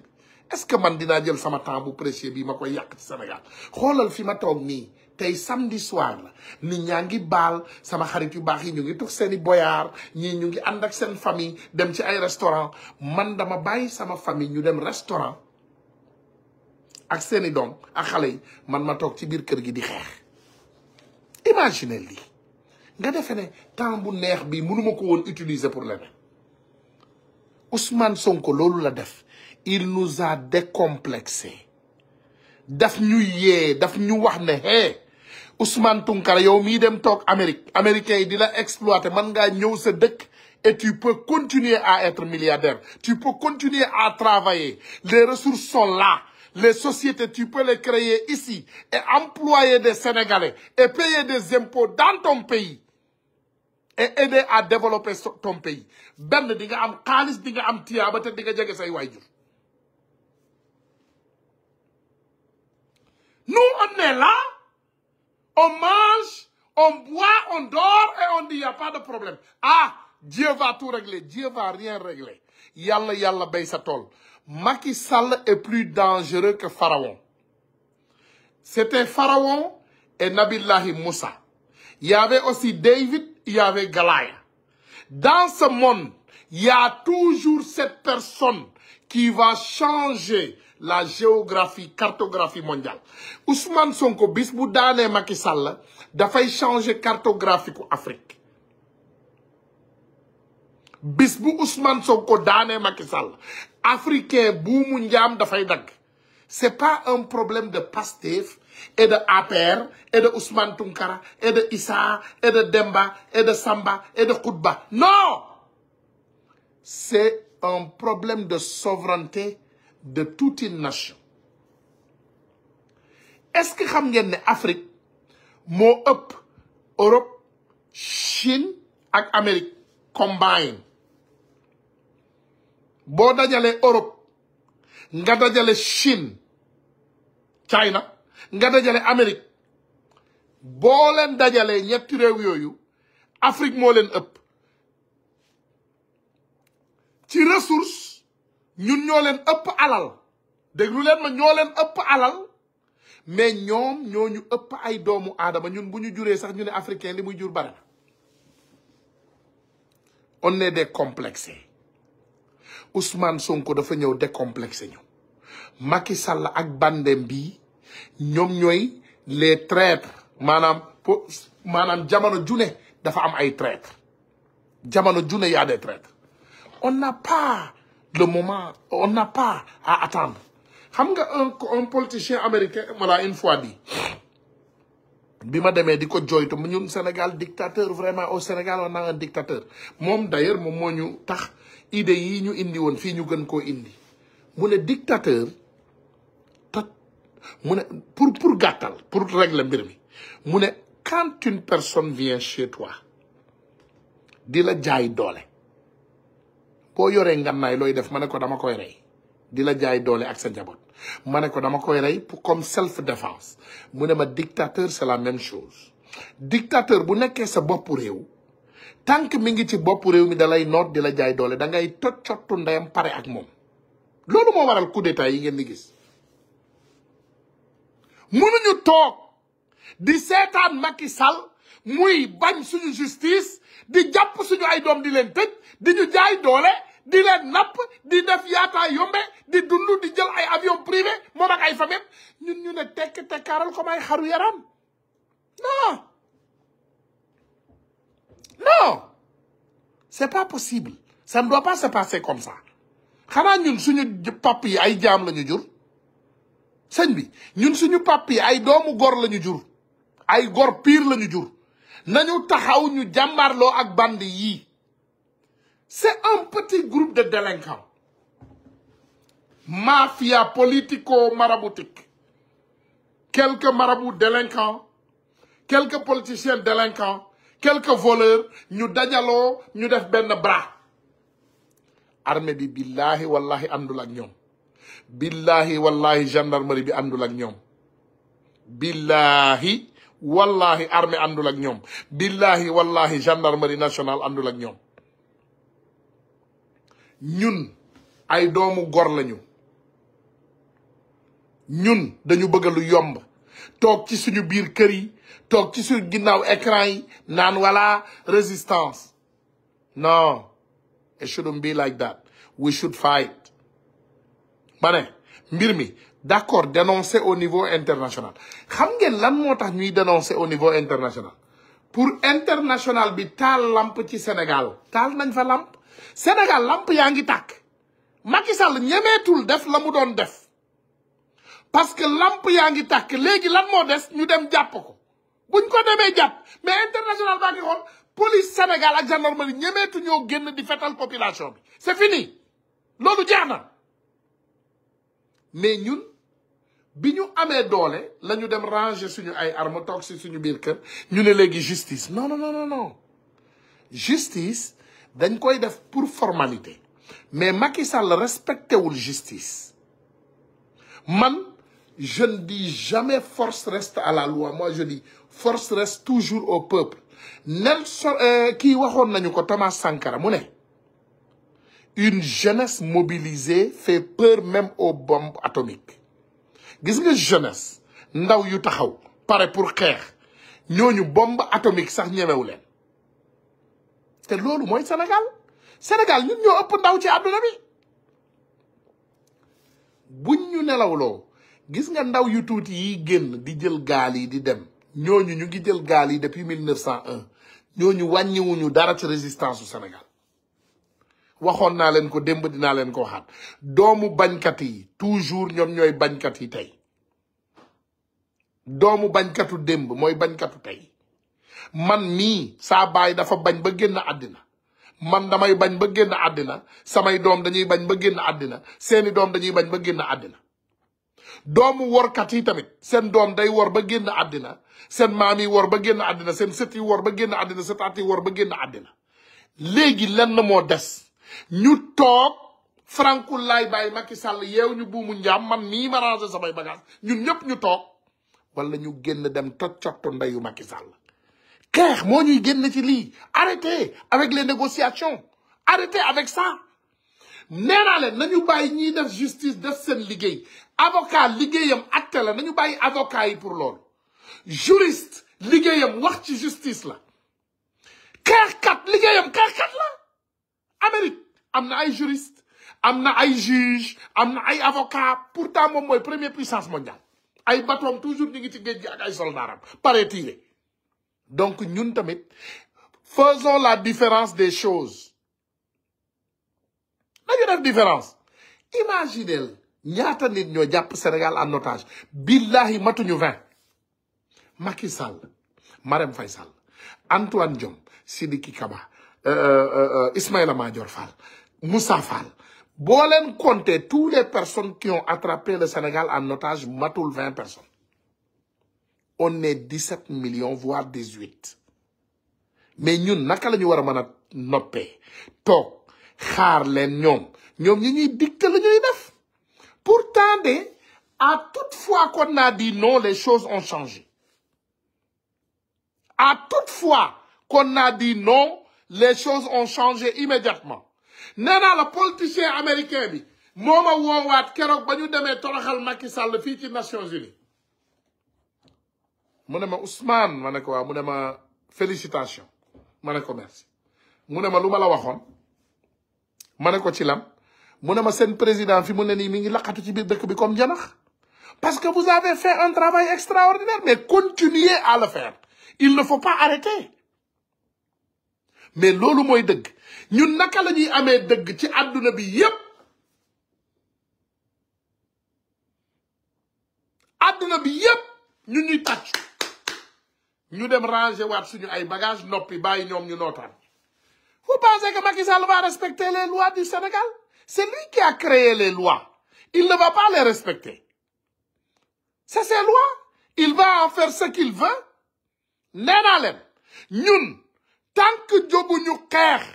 Speaker 1: est-ce que man dina jël sama temps bu précieux bi makoy yak ci Sénégal xoolal fi ma toog nii samedi soir la ni ñangi bal sama xarit yu bax yi ñu ngi tok seeni boyaar ñi ñu ngi ànd ak seen famille dem ci ay restaurant man dama bàyyi sama famille ñu dem restaurant ak seeni dom ak xalé man ma tok ci bir kër gi di xex imaginez li nga defe ne temps bu neex bi mënuma ko won utiliser pour leneen Ousmane Sonko lolou la def il nous a décomplexé daf ñu yé daf ñu wax né hé Ousmane Tounkara yow mi dem tok Amérique américain yi di la exploiter man nga ñëw sa dëkk et tu peux continuer à être milliardaire tu peux continuer à travailler les ressources sont là les sociétés, tu peux les créer ici et employer des Sénégalais et payer des impôts dans ton pays et aider à développer ton pays. Nous, on est là, on mange, on boit, on dort et on dit il n'y a pas de problème. Ah, Dieu va tout régler, Dieu va rien régler. Yalla, yalla, baisse à toll. Macky Sall est plus dangereux que Pharaon. C'était Pharaon et Nabilahi Moussa. Il y avait aussi David, il y avait Galaya. Dans ce monde, il y a toujours cette personne qui va changer la géographie, cartographie mondiale. Ousmane Sonko, Bisboudane Macky Sall changer cartographie pour Afrique bis Ousmane Sonko Macky Sall africain c'est pas un problème de pastif et de APR et de Ousmane Tunkara, et de Issa et de Demba et de Samba et de Koutba non c'est un problème de souveraineté de toute une nation est-ce que xam savez Afrique Europe Chine et Amérique combine bo dajale Europe nga dajale Chine China nga dajale amerique bo len dajale ñetti rew yoyu Afrique mo len ëpp ci ressource ñun ño len ëpp alal déglu len ma ño len ëpp alal mais ñom ñoo ñu ëpp ay doomu aadama ñun bu ñu juree sax ñu né africain li muy jur bare on est des complexes Ousmane Sonko dafa ñëw décomplexé ñu Macky Sall ak bandem bii ñoom ñooy les traîtres maanaam po maanaam jamono june dafa am ay traîtres jamono june y a des traîtres on n'a pas le moment on n'a pas à attendre xam nga un un politicien américain voilà une fois dit bi ma demee di ko mu ñun Sénégal dictateur vraiment au Sénégal on a un dictateur moom d'ailleurs moom moo ñu tax idée yi ñu indi woon fii ñu gën koo indi mu ne dictateur tat mu ne pour pour gàttal pour régler mbir mi mu ne quand une personne vient chez toi di la jaay doole boo yoree ngannaay looy def ma ne ko dama koy rey di la jaay doole ak sa njaboot ma ne ko dama koy rey pour comme self défense mu ne ma dictateur c'est la même chose dictateur bu nekkee sa bopp réew tant mi ngi ci bopp réew mi dalay noot di la jaay doole da ngay tot cottu ndeyam pare ak moom loolu moo waral coup yi ngeen di gis mënuñu toog di seetaan Macky Sall muy bañ suñu justice di jàpp suñu ay doom di leen tëj di ñu jaay doole di leen napp di def yaataa yombe di dund di jël ay avion privé moom ak ay famille ñun ñu ne tekk tekkaaral ko may xaru yaram non non c'est pas possible ça ne doit pas se passer comme ça Quand ñun suñu pap papi ay jaam la ñu jur nous, bi ñun suñu papi, yi ay nous sommes la ñu jur ay Nous pire la ñu jur nañu taxaw ñu jàmbaarloo ak bandi c'est un petit groupe de délinquants mafia politico-maraboutique quelques marabouts délinquants quelques politiciens délinquants quelques voleurs ñu dajaloo ñu def benn bras armée bi billahi wallahi àndul ak ñoom billahi wallahi gendarmerie bi àndul ak ñoom billahi wallahi armée àndul ak ñoom billahi wallahi gendarmerie national àndul ak ñoom ñun ay doomu gor lañu ñun dañu bëgg lu yomb toog ci suñu biir kër yi Donc, qui sur ginnaaw écran yi naan résistance non it shouldn't be like that we should fight Bane, ne d'accord dénoncer au niveau international xam ngeen lan dénoncer au niveau international pour international bi tal lamp ci Sénégal Tal nañ fa lamp Sénégal lamp yaa tak. tàkk Macky tout def lamudon def parce que lamp yaa tak, tàkk lan mo des dem diapoko buñ ko démé jàpp mais international police Sénégal ak gendarmerie ñoo génn di population c'est fini mais ñun biñu nous doolé nous ranger suñu ay armes toxiques suñu biir nous justice non non non non justice dañ koy def pour formalité mais Macky Sall respecté justice man je ne dis jamais force reste à la loi moi je dis force reste toujours au peuple Nelson qui euh, a Thomas Sankara une jeunesse mobilisée fait peur même aux bombes atomiques gis nga jeunesse ndaw yu taxaw pour bombe atomique sax ce oulen. Sénégal Sénégal nous ñoo ëpp ndaw ci avez dit. buñ vous avez gis nga ndaw yu tuuti yi génn di ñooñu ñu ngi jël gaal yi depuis 1901 ñooñu wàññiwuñu dara ci résistance su Sénégal waxoon naa leen ko démb dinaa leen ko waxaat doomu bañkat yi toujours ñoom ñooy bañkat yi tey doomu bañkatu démb mooy bañkatu tey man mii saa baay dafa bañ ba génn àddina man damay bañ ba génn àddina samay doom dañuy bañ ba génn àddina seeni doom dañuy bañ ba génn àddina doomu workat yi tamit seen doom day wor ba génn àddina seen maam yi wor ba génn àddina seen sët yi wor ba génn àddina sëtaat yi wor ba génn àddina léegi lenn moo des ñu toog Franku laay bàyyi Macky Sall yeew ñu buumu njaam man mii ma rangé samay bagage ñun ñëpp ñu toog wala ñu génn dem toj toccottu ndeyu Macky Sall keex moo ñuy génn ci lii arrêté avec les négociations arrêté avec ça nee naa leen nañu bàyyi ñiy def justice def seen liggéey avocat liggéeyam atte la nañu bayyi avocat yi pour lool juriste liggéeyam wax ci justice la Carcat, liggéeyam carcat la Amérique amna ay juriste des ay juge amna ay avocat pourtant moom mooy première puissance mondiale ay batom toujours ñu ngi ci géej ak ay soldats pare donc ñun tamit faisons la différence des choses a une différence imaginez nous nit ñoo le sénégal en otage billahi a 20 Macky Sall Marem Faisal Antoine Diom Sidiki Kaba euh, euh, euh Ismaïla Fall Moussa Fall bo len compter toutes les personnes qui ont attrapé le Sénégal en otage a 20 personnes on est 17 millions voire 18 mais ñun naka lañu wara mëna noppé tok xaar len ñom ñom ñi Pourtant, à toute fois qu'on a dit non, les choses ont changé. À toute fois qu'on a dit non, les choses ont changé immédiatement. Nana, le politicien américain bi Moma ma toroxal Macky Sall Nations Unies Je Ousmane Je vous ko waaw merci mon ne ma président fi mu ni nii mi ngi laqatu ci biir dëkk bi comme janax parce que vous avez fait un travail extraordinaire mais continuez à le faire il ne faut pas arrêter mais lolo moi dëgg ñun naka la ñuy amee dëgg ci yep, bi yépp àdduna bi yépp ñun ñuy tàcc ñu dem ranger waat suñu ay bagages noppi bàyyi ñoom ñu vous pensez que Macky Sall va respecter les lois du Sénégal c'est lui qui a créé les lois. Il ne va pas les respecter. C'est ses lois. Il va en faire ce qu'il veut. Nénalem. naa tant que tànk jóguñu xeex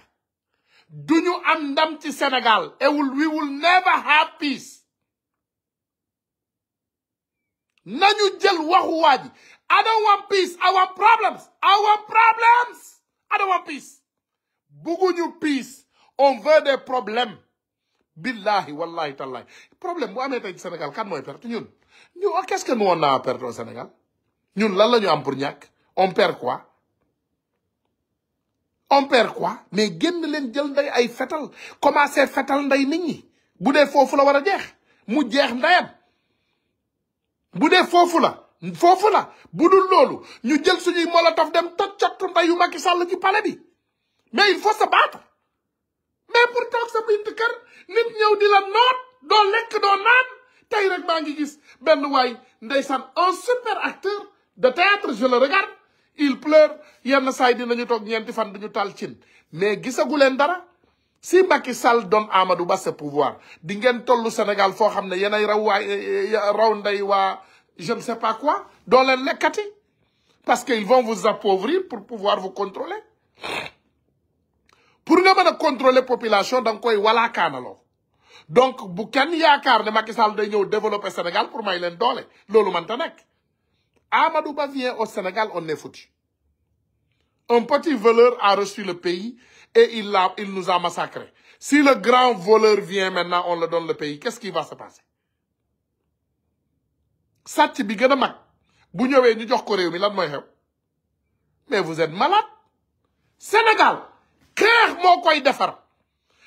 Speaker 1: duñu am ndam ci Sénégal et we will never have peace nañu jël waxu waa I don't want peace I want problems I want problems I don't want peace bugguñu peace on veut des problèmes billahi wallahi tallahi problème bu amé tay Senegal Sénégal kan moy perte ñun ñu ah, qu'est-ce que nous on a à perdre au Sénégal ñun lan lañu am pour ñak on perd quoi on perd quoi mais genn leen jël nday ay fétal commencé fétal nday nit ñi bu dé fofu la wara a jeex mu jeex ndayam bu dé fofu la fofu la bu dul lolu ñu jël suñu molotov dem toj nday yu makki Sall ci palais bi mais il faut se battre mais pourtant sa bint kër nit ñëw di la noot doo lekk doo naan tey rek maa ngi gis benn waay ndeysaan un super acteur de théâtre je le regarde il pleure yenn saay dinañu toog ñeenti fan duñu talcin cin mais gisagu leen dara si Macky Sall doon Amadou Ba ce pouvoir di ngeen tollu Sénégal foo xam ne yenay raw waay eh, eh, raw ndey waa je ne sais pas quoi doo leen lekkati parce que ils vont vous appauvrir pour pouvoir vous contrôler pour ne pas contrôler contrôler population da nga de walaakaanaloo donc bu kenn a ne Macky Sall day le développer Sénégal pour may dolé. Lolo loolu mënta je Amadou Ba vient au Sénégal on est foutu un petit voleur a reçu le pays et il l'a il nous a massacré si le grand voleur vient maintenant on le donne le pays qu'est-ce qui va se passer sàcc bi gën Si mag bu ñëwee ñu jox ko lan xew mais vous êtes malade Sénégal xeex moo koy defar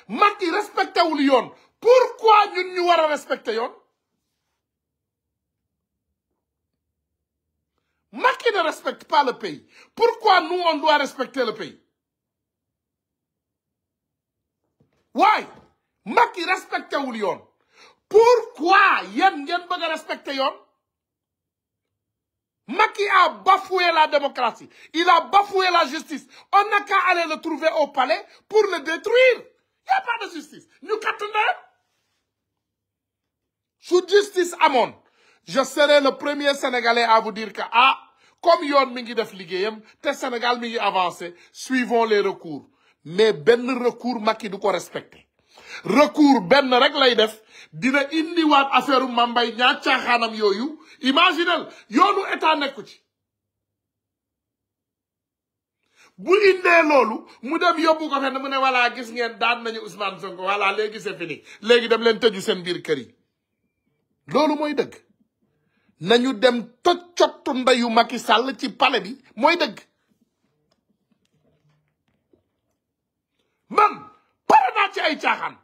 Speaker 1: Macky respecté wul yoon pourquoi ñun ñu war a respecté yoon Macky ne respecte pas le pays pourquoi nous on doit respecter le pays waaye Macky respecté wul yoon pourquoi yéen yen bëgg a yoon Maki a bafoué la démocratie. Il a bafoué la justice. On n'a qu'à aller le trouver au palais pour le détruire. Il n'y a pas de justice. Nous qu'attendons. Sous justice amon, je serai le premier Sénégalais à vous dire que, ah, comme Yon Mingi de ligéyem, le Sénégal Mingi avancé, suivons les recours. Mais ben recours Maki duko respecter. Recours ben rek lay def, dina affaire Mambay Nya caaxaanam imaginel yoonu état nekku ci bu indee loolu mu dem yóbbu ko fenn mu ne voilà gis ngeen daan nañu Ousmane Sonko voilà léegi c'est fini dem leen tëju seen biir kër loolu mooy dëgg nañu dem toj cottu ndeyu Macky Sall ci pale bi mooy dëgg man pare naa ci ay caaxaan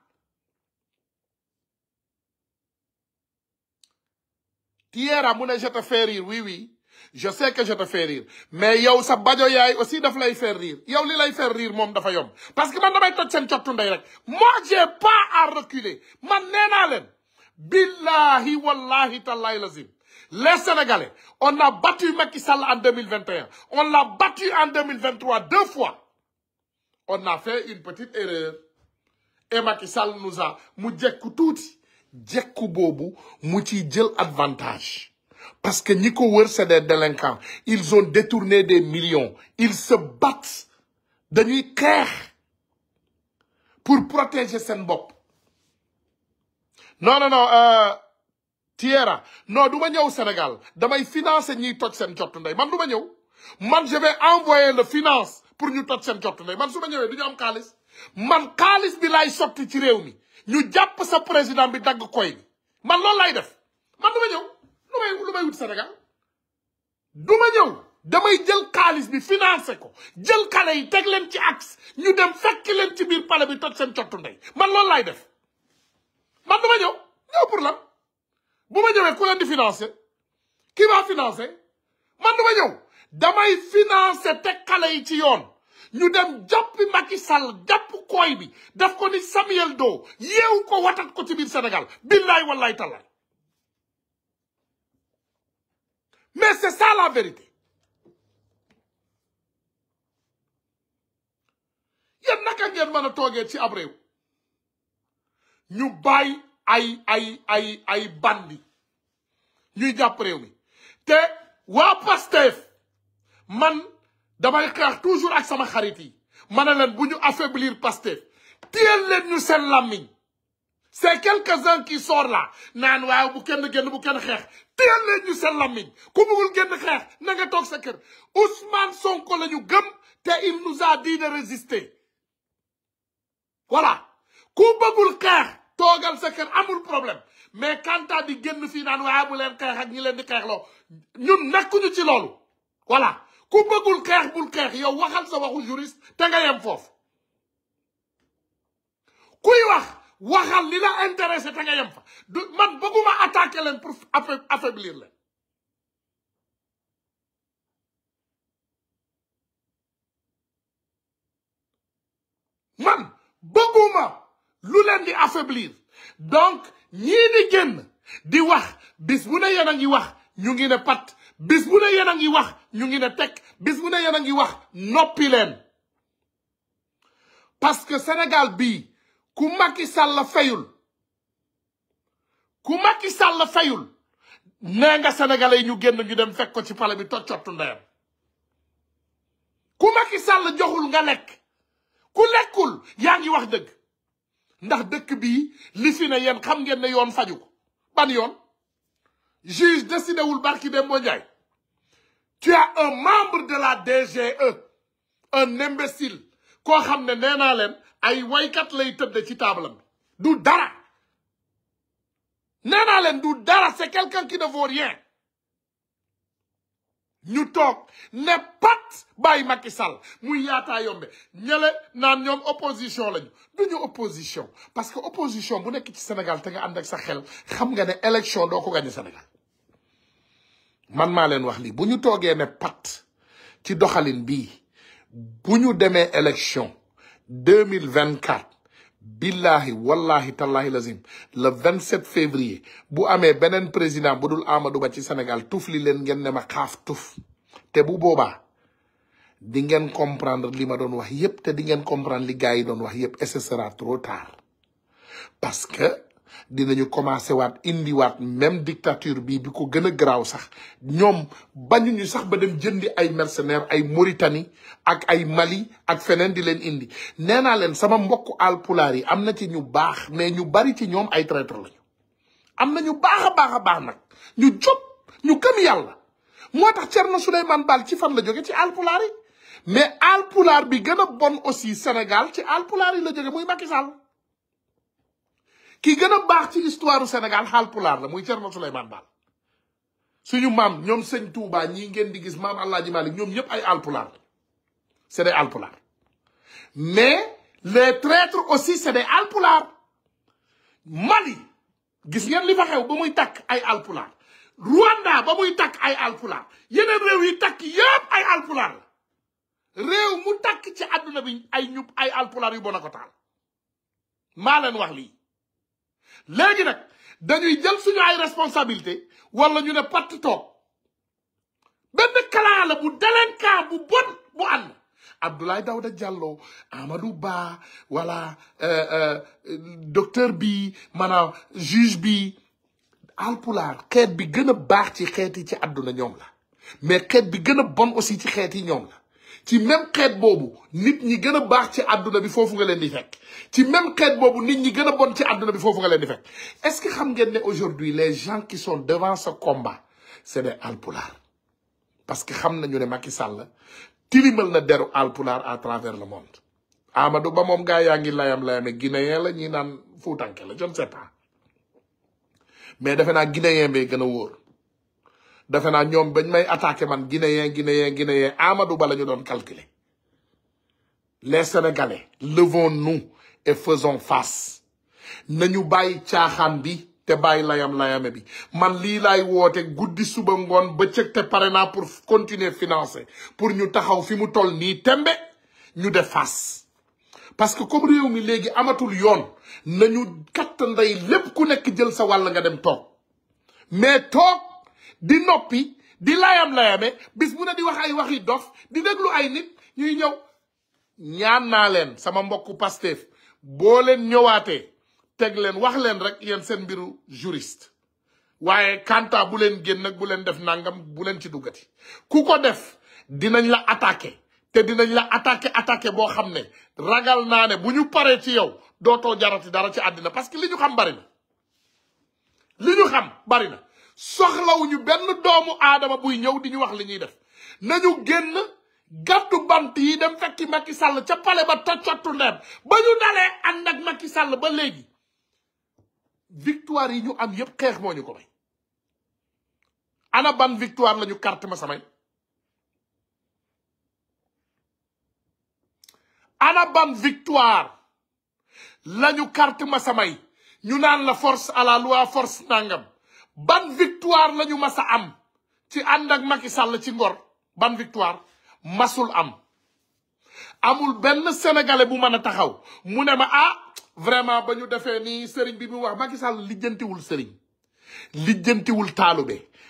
Speaker 1: Tierra, e, je te fais rire oui oui je sais que je te fais rire mais yow sa bajo yaye aussi de lay faire rire yow li lay faire rire parce que man damay toj pas cottu ndey moi j'ai pas à reculer man billahi wallahi tallahi lazim les sénégalais on a battu Macky Sall en 2021 on l'a battu en 2023 deux fois on a fait une petite erreur et Macky Sall nous a jekku Bobu mu ci avantage parce que Nico ko wër c'est des délinquants ils ont détourné des millions ils se battent nuit claire pour protéger sen Non, non non non euh, Thiera non duma Sénégal damay financer ñi man duma man je vais envoyer le finance pour ñu toj sen man suma Je duñu am man bi ñu jàpp sa président bi dagg koy bi man loolu lay def man du ma ñëw lu may lu may wut Sénégal du ma ñëw damay jël kaalis bi financé ko jël xale yi teg leen ci axe ñu dem fekki leen ci biir pale bi toj seen cottu ndey man loolu lay def man du ma ñëw ñëw pour la bu ma ñëwee ku leen di financé qui va financer man du ma ñëw damay financé teg xale yi ci yoon ñu dem jàppi Macky Sall jàpp kooy bi daf ko ni Samuel Doe yeewu ko watat ko ci biir senegal billaay wallaay tallaay mais c'est ça la vérité naka ngeen mën a toogee ci ab réew ñu bàyyi ay ay ay bandi ñuy jàpp réew mi te waa Pastef man damay xeex toujours ak sama xarit yi ma ne affaiblir pasteur téyel leen ñu seen làmmiñ c'est quelques-uns qui sortent là naan waaw bu kenn genn bu kenn xeex téyel leen ñu seen làmmiñ ku bëggul génn xeex na nga tok sa kër Ousmane Sonko lañu ñu gëm te il nous a dit de résister voilà ku bëggul xeex togal sa kër amul problème mais quand kanta di genn fi naan waaw bu len xeex ak ñi len di lo ñun nekkuñu ci lolu voilà ku bëggul xeex bul xeex yow waxal sa waxu juriste te nga yem foofu kuy wax waxal li la intéressé te nga yem fa man bëgguma attaquer leen pour affaiblir leen man bëgguma lu leen di affaiblir donc ñii di génn di wax bis bu ne yéen a ngi wax ñu ngi ne pat bis bu ne yéen ngi wax ñu ngi ne tekk bis bu ne yéen a ngi wax noppi leen parce que Sénégal bi ku Macky Sall fayul ku Macky Sall fayul nee nga sénégalais yi ñu génn ñu dem fekk ci pale bi toccottu ndeyam ku Macky Sall joxul nga lekk ku lekkul yaa ngi wax dëgg ndax dëkk bi li fi ne xam ngeen ne yoon faju ko ban yoon juge décidé wul barki dem boo njaay tu as un membre de la DGE un imbécile koo xam ne nee naa leen ay waykat lay tëdd ci taabalam bi du dara nee du dara c'est quelqu'un qui ne vaut rien ñu toog ne Baye Mackissal. Macky Sall muy yaataa yombe ñële opposition lañu duñu opposition parce que opposition bu nekk ci Sénégal te nga ànd ak sa xel xam nga ne élection doo ko gagné Sénégal man maa leen wax lii bu ñu toogee ne pat ci doxalin bi bu ñu demee élection deux mille vingt quatre billahi wallahi tallahi lazim le vingt sept février bu amee beneen président bu dul Amadou Ba ci Sénégal tuf li leen ngeen ne ma xaaf tuf te bu boobaa di ngeen comprendre li ma doon wax yépp te di ngeen comprendre li gars yi doon wax yépp et ce sera trop tard parce dinañu commencé waat indiwaat même dictature bi bi ko gën a garaaw sax ñoom bañuñu sax ba dem jëndi ay mercenaires ay Mauritanie ak ay Mali ak feneen di leen indi nee naa leen sama mbokku alpulaar yi am na ci ñu baax mais ñu bari ci ñoom ay traître am na ñu baax a baax a baax nag ñu jóg ñu gëm yàlla moo tax Thierno Souleymane Baal ci fan la jóge ci alpulaar yi mais alpulaar bi gën a bon aussi Sénégal ci alpulaar yi la jóge muy Macky Sall ki gëna baax ci histoire Sénégal xal pulaar la muy Cheikh Souleymane Baal suñu mam ñom Seigne Touba ñi ngeen di gis maam Alaaji Malik ñom ñep ay al polar. c'est des polar. mais les traîtres aussi c'est des polar. Mali gis ngeen li fa xew ba muy tak ay alpulaar Rwanda ba muy tak ay alpulaar yeneen rew yi tak yëpp ay al la réew mu takk ci aduna bi ay ñub ay alpulaar yu bonako a taal ma len wax li léegi nag dañuy jël suñu ay responsabilité wala ñu ne patt toog benn kalaa la bu délinquant bu bon bu ànd Abdoulaye Daouda Diallo Amadou Ba voilà euh, euh, docteur bi maanaam juge bi alpulaar xeet bi gën a baax ci xeet ci àdduna ñoom la mais xeet bi gën a bon aussi ci xeet yi ñoom la ci même xeet bobu nit ñi gëna baax ci aduna bi fofu nga leen di fekk ci même xeet bobu nit ñi gëna bon ci aduna bi fofu nga leen di fekk est-ce que xam ngeen ne aujourd'hui les gens qui sont devant ce combat c'est des alpular parce que xam nañu ne Macky Sall tilimal na deru alpular à travers le monde Amadou Ba mom gaay yaangi layam layam ne guinéen la ñi naan fuutanke la je ne sais pas mais defe guinéen bi gëna a defe naa ñoom bañ may attaqué man guinéen guinéen guinéen Amadou Ba la ñu doon calculer les sénégalais levons-nous et faisons face nañu bàyyi caaxaan bi te bàyyi layam layame bi man lii laay woote guddi suba ngoon bëccëg te pare naa pour continuer financer pour ñu taxaw fi mu toll nii tembe ñu def face parce que comme réew mi léegi amatul yoon nañu katt ndey lépp ku nekk jël sa wàll nga dem toog mais toog di noppi di layam-layame bis mu na di wax ay waxi dof di déglu ay nit ñuy ñëw ñaan naa leen sama mbokku Pastef boo leen ñëwaatee teg leen wax leen rek yéen seen mbiru juriste waaye kanta bu leen génn nag bu leen def nangam bu leen ci duggati ku ko def dinañ la attaqué te dinañ la attaqué attaque boo xam ne ragal naa ne bu ñu paree ci yow dootoo jarati dara ci àddina parce que li ñu xam bari na li ñu xam bari na soxlawuñu benn doomu aadama buy ñëw di ñu wax li ñuy def nañu génn gàddu bant yi dem fekki Macky Sall ca pale ba ta cottu ndeem ba ñu dalee ànd ak Macky Sall ba léegi victoire yi ñu am yépp xeex moo ñu ko may ana ban victoire lañu carte ma samay ñu naan la force à la force nangam ban victoire lañu massa am ci and ak Macky Sall ci ngor ban victoire masul am amul ben sénégalais bu mën taxaw mune ma ah vraiment bañu défé ni sëriñ bi bi wax Macky Sall wul sëriñ lijjantiwul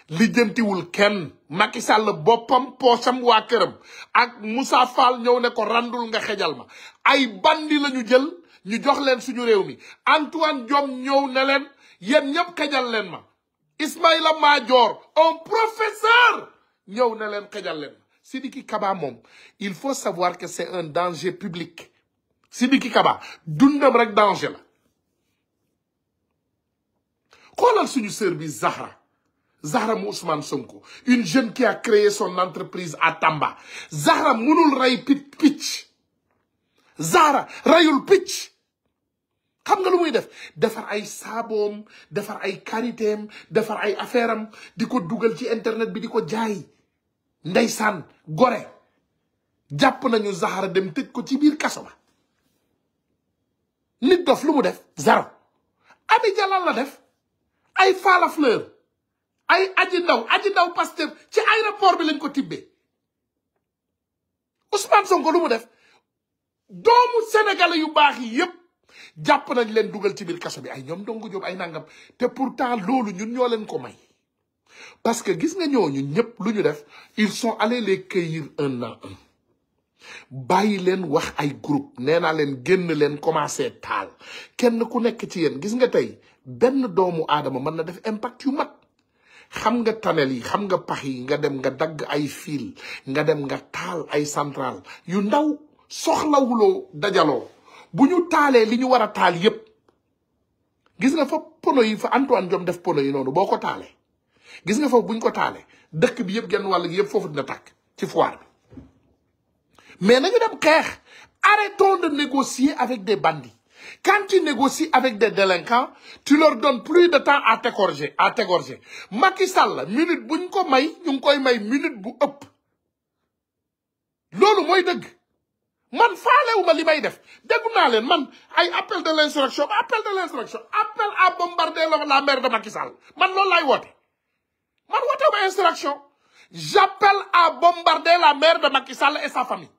Speaker 1: lijeenti wul kenn Macky Sall bopam posam wa kërëm ak Moussa Fall ñew ne ko randul nga xéjal ma ay bandi la jël ñu jox leen suñu réew mi Antoine diom ñew ne leen ñep leen ma Ismaïla Major, un professeur Il faut savoir Kaba public. il faut savoir que c'est un danger public Sidiki Kaba dundam rek danger la xoolal suñu sœur Zahra Zahra Moussman Sonko une jeune qui a créé son entreprise à Tamba Zahra mënul ray pitch. Zahra Rayul pitch xam nga lu muy def defar ay saaboom defar ay karitéem defar ay affaire am di ko dugal ci internet bi di ko jaay ndeysaan gore jàpp nañu Zahra dem tëj ko ci biir kaso nit dof lu mu def zéro Ami Dia lan la def ay Falla Fleur ay aji ndaw aji ndaw Pastef ci aéroport bi lañ ko tibbee Ousmane Sonko lu mu def doomu sénégalais yu baax yi yépp jàpp nañ leen dugal ci biir kaso bi ay ñoom dongu jóob ay nangam te pourtant loolu ñun ñoo leen ko may parce que gis nga ñooñu ñëpp lu ñu def ils sont allés les cueillir un à un bàyyi leen wax ay groupe nee naa leen génn leen commencé taal kenn ku nekk ci yéen gis nga tey benn doomu aadama mën na def impact yu mat xam nga tanel yi xam nga pax yi nga dem nga dagg ay fil nga dem nga taal ay central yu ndaw soxlawuloo dajaloo buñu talé liñu wara tal Antoine diom def pono yi boko talé gis nga foire mais nañu arrêtons de négocier avec des bandits quand tu négocies avec des délinquants tu leur donnes plus de temps à t'égorger à t'égorger Macky Sall minute buñ ko may minute bu upp man faalewu ma li may def déggu naa leen man ay appel de l' insurrection appel de l' insurrection appel à bombarder la mère de Macky Sall man loolu laay woote man woote ma insurrection j'appelle à bombarder la mère de Macky Sall et sa famille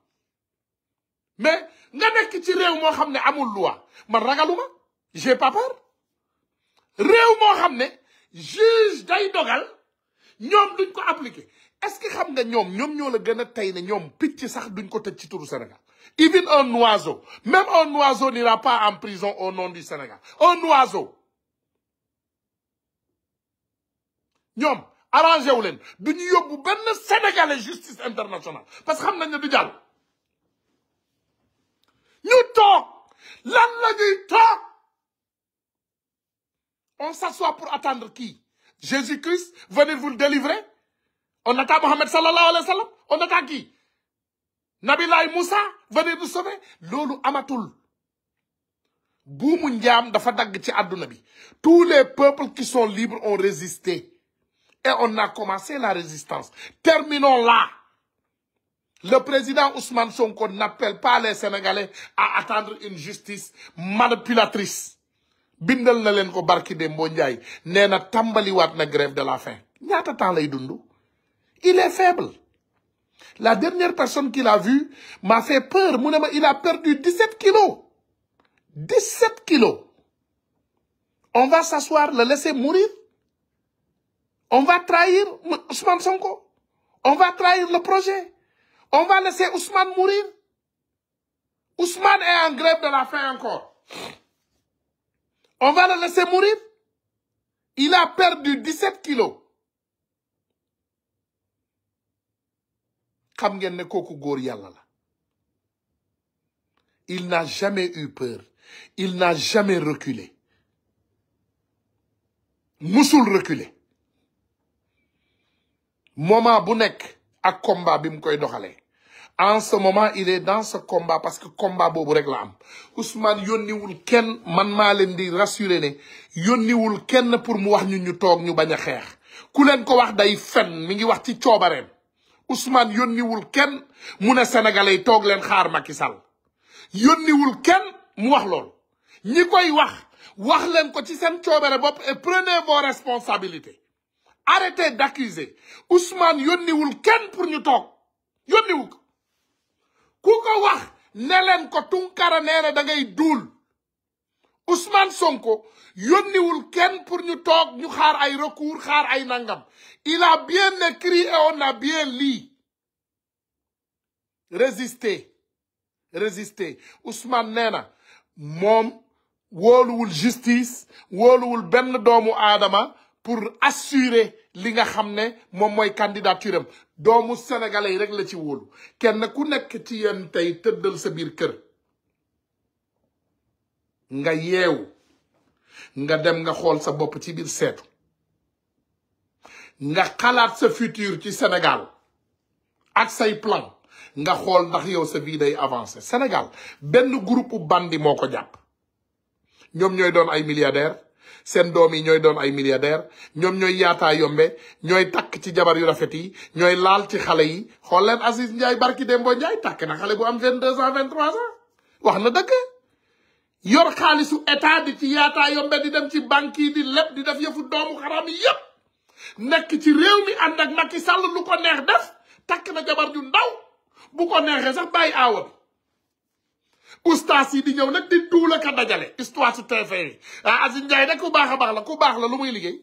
Speaker 1: mais nga nekk ci réew moo xam ne amul loi man ragaluma j'ai pas peur réew moo xam ne juge day dogal ñoom duñ ko appliquer est-ce que xam nga ñoom ñoom ñoo la gën a tey ne ñoom picc sax duñ ko tëj ci turu Sénégal Even un oiseau. Même un oiseau n'ira pas en prison au nom du Sénégal. Un oiseau. ñoom arrangé nous leen du le Sénégal Sénégal. la justice internationale parce que nous ne du jàll ñu Nous, lan la on s'assoit pour attendre qui Jésus-Christ venir vous le délivrer on attend Mohamed sallallahu alayhi sallam on attend qui Nabilay Moussa venez nous sauver Amatoul. tous les peuples qui sont libres ont résisté et on a commencé la résistance terminons là le président Ousmane Sonko n'appelle pas les Sénégalais à attendre une justice manipulatrice Bindel na l'en ko barki Dembo Ndiaye na faire na grève de la faim lay il est faible la dernière personne qu'il a vue m'a fait peur. il a perdu 17 kilos. 17 kilos. On va s'asseoir, le laisser mourir. On va trahir Ousmane Sonko. On va trahir le projet. On va laisser Ousmane mourir. Ousmane est en grève de la faim encore. On va le laisser mourir. Il a perdu 17 kilos. il n'a jamais eu peur il n'a jamais reculé musul reculé. moment bu nekk ak combat en ce moment il est dans ce combat parce que combat bobu rek la am Ousmane wul kenn man ma leen di rassurer ne wul kenn pour mu wax ñu ñu tok ñu a ku leen ko wax day fen mi ngi wax ci Ousmane yónniwul kenn mu ne sénégalais yi toog leen xaar Macky Sall yónniwul kenn mu wax loolu ñi koy wax wax leen ko ci seen coobere bopp et prenez vos responsabilités arrêtez d'accuser Ousmane yónniwul kenn pour ñu toog yónniwu ko ku ko wax ne leen ko Tunkara nee na da ngay duul Ousmane Sonko yónniwul kenn pour ñu toog ñu xaar ay recours xaar ay nangam ila bien écrit et on a bien lii résister résister Ousmane nee na moom wóoluwul justice wóoluwul benn doomu aadama pour assurer li nga xam ne moom mooy candidature doomu sénégalais yi rek la ci wóolu kenn ku nekk ci yéen tey tëddal sa biir kër nga yeewu nga dem nga xool sa bopp ci biir seetu nga xalaat sa futur ci Sénégal ak say plan nga xool ndax yow sa vie day avancé Sénégal benn groupe bandi moo ko jàpp ñoom ñooy doon ay milliardaire seen doom yi ñooy doon ay milliardaire ñoom ñooy yaataa yombe ñooy takk ci jabar yu rafet yi ñooy laal ci xale yi xool leen Aziz Ndiaye barki Dembo Ndiaye takk na xale bu am vingt deux ans vingt trois ans wax na dëgg yor xaalisu état di ci yaataa yombe di dem ci banque yi di lépp di def yëfu doomu xaram yi yépp nekk ci réew mi ànd ak Macky Sall lu ko neex def takk na jabar ju ndaw bu ko neexee sax bàyyi aawa bi ustaas yi di ñëw nag di duula ka dajale histoire su TF yi ah Aziz Ndiaye nag ku baax a baax la ku baax la lu muy liggéey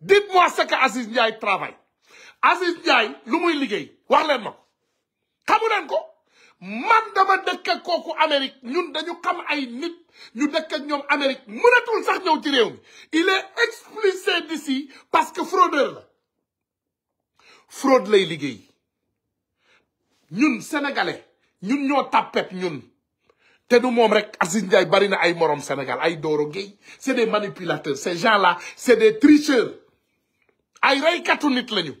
Speaker 1: dites-moi ce que Aziz Ndiaye travaille Aziz lu muy liggéey wax leen ma ko xamu leen ko man dama dëkk ak kooku Amérique ñun dañu xam ay nit ñu dëkk ak ñoom Amérique mënatul sax ñëw ci réew mi il est expulsé d'ici parce que fraudeur la fraude lay liggéey ñun sénégalais ñun ñoo tàppet ñun te du moom rek Aziz Ndiaye bari na ay morom Sénégal ay Doro Gueye c'est des manipulateurs ces gens là c'est des tricheurs ay reykatu nit lañu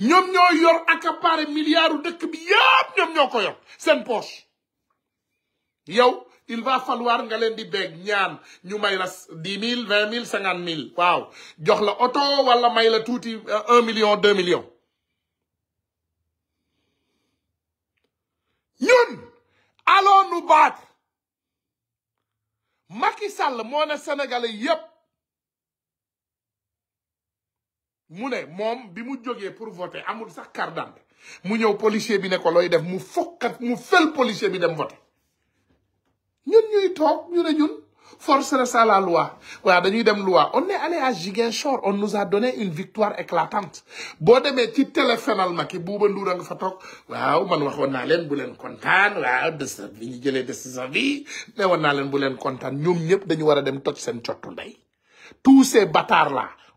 Speaker 1: ñoom ñoo yor accaparé milliardu dëkk bi yëpp ñoom ñoo ko yor seen poos yow il va falloir nga leen di beeg ñaan ñu may la dix mille vingt mille cinquante mille waaw jox la oto wala may la tuuti euh, un million deux millions ñun allons nous battre Macky Sall moo ne sénégalais yëpp mune mom, bi mu pour voter amul sax carte mu ñew policier bi ne ko def mu fokkat mu fel policier bi dem voter ñun ñuy tok ñu ne force la la loi wa dañuy dem loi on est allé à shore. on nous a donné une victoire éclatante Bodemet demé ci téléfénal ma ki Bouba Ndour a nga fa tok waaw man waxon na len bu len contane waaw décision bi ñu jëlee décision bi ne won na len bu len contane ñom ñep dañu wara dem toj sen cottu tous ces bâtards là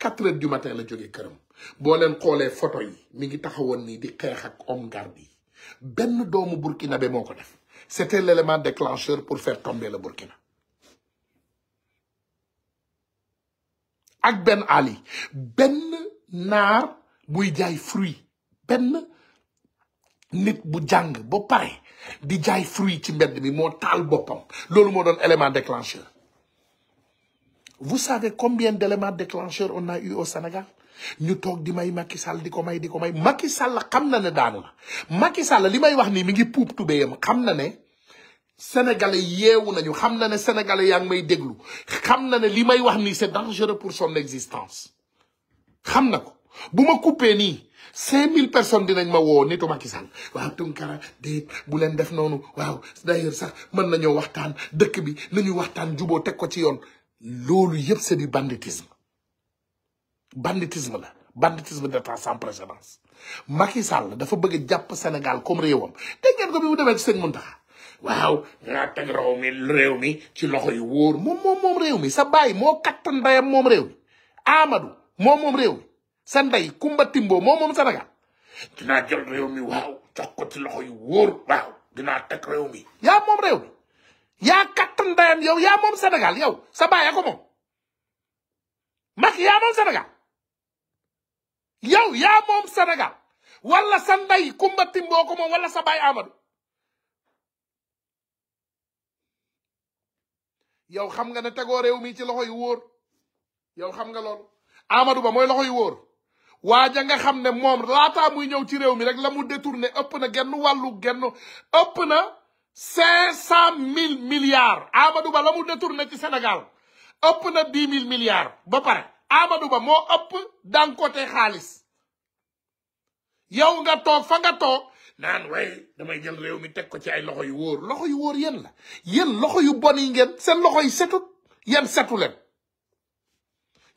Speaker 1: quatre heures du matin la jógee kërëm bo len xoolee photo yi mi ngi taxawon ni di xeex ak homme garde ben doomu burkina be moko def c'était l'élément déclencheur pour faire tomber le Burkina ak Ben Ali Ben N'ar, buy jaay fruit ben nit bu jang bo paré di jaay fruit ci mbéd mi mo tal bopam mo don élément déclencheur vous savez combien d'éléments déclencheurs on a eu au Sénégal ñu talk di may Macky Sall di ko may di ko may Macky Sall xam na ne danle. Ma Macky Sall li may wax nii mi ngi puub yam. xam ne sénégalais yeewu xam na ne sénégalais ya ngi may déglu xam ne li may wax ni c'est dangereux pour son existence xam ko bu ma cinq personnes dinañ ma woo nitu Macky Sall waaw Tunkara déet bu leen def noonu waaw d'ailleurs sax mën nañoo waxtaan dëkk bi nañu waxtaan Jubo ko loolu yëpp c'est du banditisme banditisme la banditisme d'état sans précédent Macky Sall dafa bëgg jàpp Sénégal comme réewam dégg ngeen ko bi mu demee ci sëñ Mountakha waaw nga teg réew mi réew ci loxo yu wóor moom moom moom baay moo kattan moom réew mi Amadou moom moom réew mi Kumba Timbo moom moom Sénégal dinaa jël réew mi waaw jox ko ci loxo yu wóor waaw dinaa teg réew mi yaa moom réew mi Ya kattan ndayam yow ya mom senegal yow sa baye ko mom mak ya mom senegal yow ya mom senegal wala sa Kumba timbo ko mom wala sa baye Amadou yow xam nga ne tego rew mi ci loxoy wor yow xam nga lol Amadou Ba moy loxoy wor waja nga xam ne muy ñew ci rew mi rek la mu ëpp na genn walu genn ëpp na cinq cent mille milliards Amadou Ba la mu détourné ci Sénégal ëpp na dix mille milliards ba pare Amadou Ba moo ëpp dang côté xaalis yow ngato fa nga toog naan way damay jël réew mi teg ko ci ay loxo yu wóor loxo yu wóor yéen la yéen loxo yu bon yi seen loxo yi setut yéen setu leen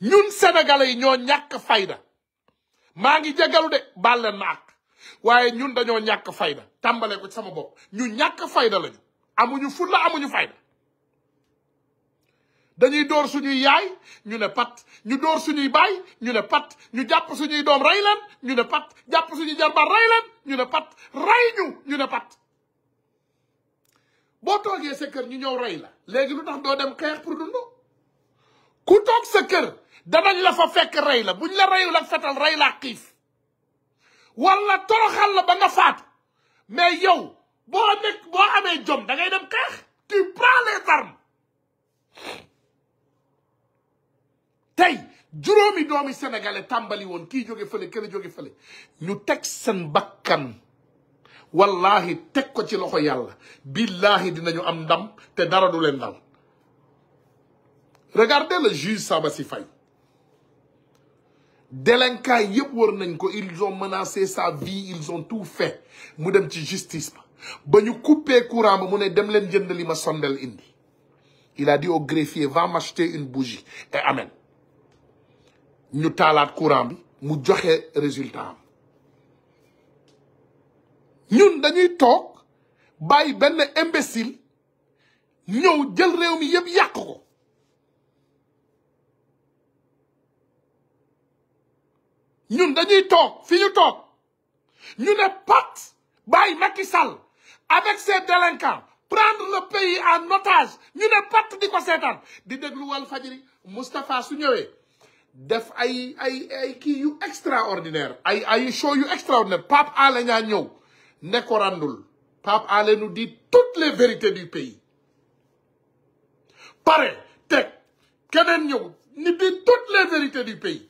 Speaker 1: ñun sénégalais yi ñoo ñàkk fayda maa ngi jégalu de baal leen ma ak waaye ñun dañoo ñàkk fayda tàmbalee ko ci sama bopp ñu ñàkk fayda lañu amuñu fulla amuñu fayda dañuy door suñuy yaay ñu ne pat ñu door suñuy baay ñu ne pat ñu jàpp suñuy doom rey leen ñu ne pat jàpp suñuy jarbaat rey ñu ne pat rey ñu ne pat boo toogee sa kër ñu ñëw rey la léegi lu tax doo dem xeex pour dund ku toog sa danañ la fa fekk rey la buñ la reyul ak fetal rey laa xiif wala toroxal la ba nga faatu mais yow boo nekk boo amee jom da ngay dem xeex tu prends les armes tey juróomi doomi sénégalais tàmbali woon kii jóge fële kële jóge fële ñu teg seen bakkan wallahi teg ko ci loxo yàlla billahi dinañu am ndam te dara du leen dal regardez le juge Sabassi Faye délinquants ils ont menacé sa vie ils ont tout fait mu dem ci justice Ils ont coupé courant dem il a dit au greffier va m'acheter une bougie et amen nous talat courant bi mu le résultat Nous, ñun dañuy tok, baye imbécile ñun dañuy tok fiñu tok pat bàyyi Macky avec ses délinquants prendre le pays en otage ñu ne pat diko ko di déglu wal fajiri Mustapha su ñëwé def ay ay ay ki yu extraordinaire ay ay show yu extraordinaire pap Alé ñaa ñëw ne ko randul Pape Alé nous dit toutes les vérités du pays pare tek kenen ñëw ni dit toutes les vérités du pays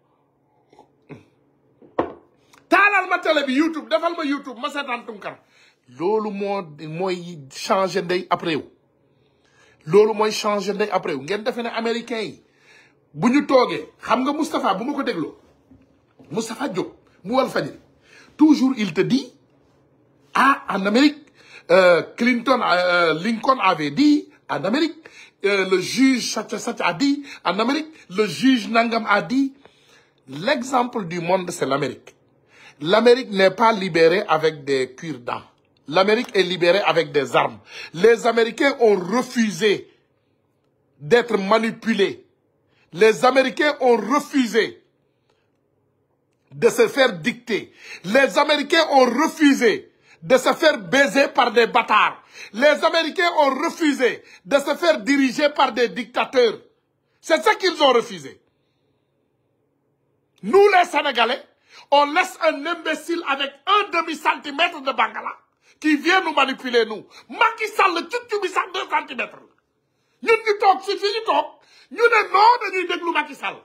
Speaker 1: taalal ma télé bi YouTube defal ma YouTube ma seetaan Tunkara loolu moo mooy changé ndey après wu loolu mooy changé ndey après wu ngeen defe ne américains yi buñu togué xam nga mustapha bu ko dégloo Moustapha Diop mu wal fadi toujours il te dit ah en Amérique euh, Clinton euh, Lincoln avait dit en Amérique euh, le juge Sacha a dit en Amérique le juge Nangam a dit l'exemple du monde c'est l'Amérique L'Amérique n'est pas libérée avec des cuir dents L'Amérique est libérée avec des armes. Les Américains ont refusé d'être manipulés. Les Américains ont refusé de se faire dicter. Les Américains ont refusé de se faire baiser par des bâtards. Les Américains ont refusé de se faire diriger par des dictateurs. C'est ça qu'ils ont refusé. Nous, les Sénégalais, on laisse un imbécile avec un demi-centimètre de Bangala qui vient nous manipuler nous Macky Sall tout sax deux centimètres la si fii tok, ñu ne non dañuy déglu Macky Sall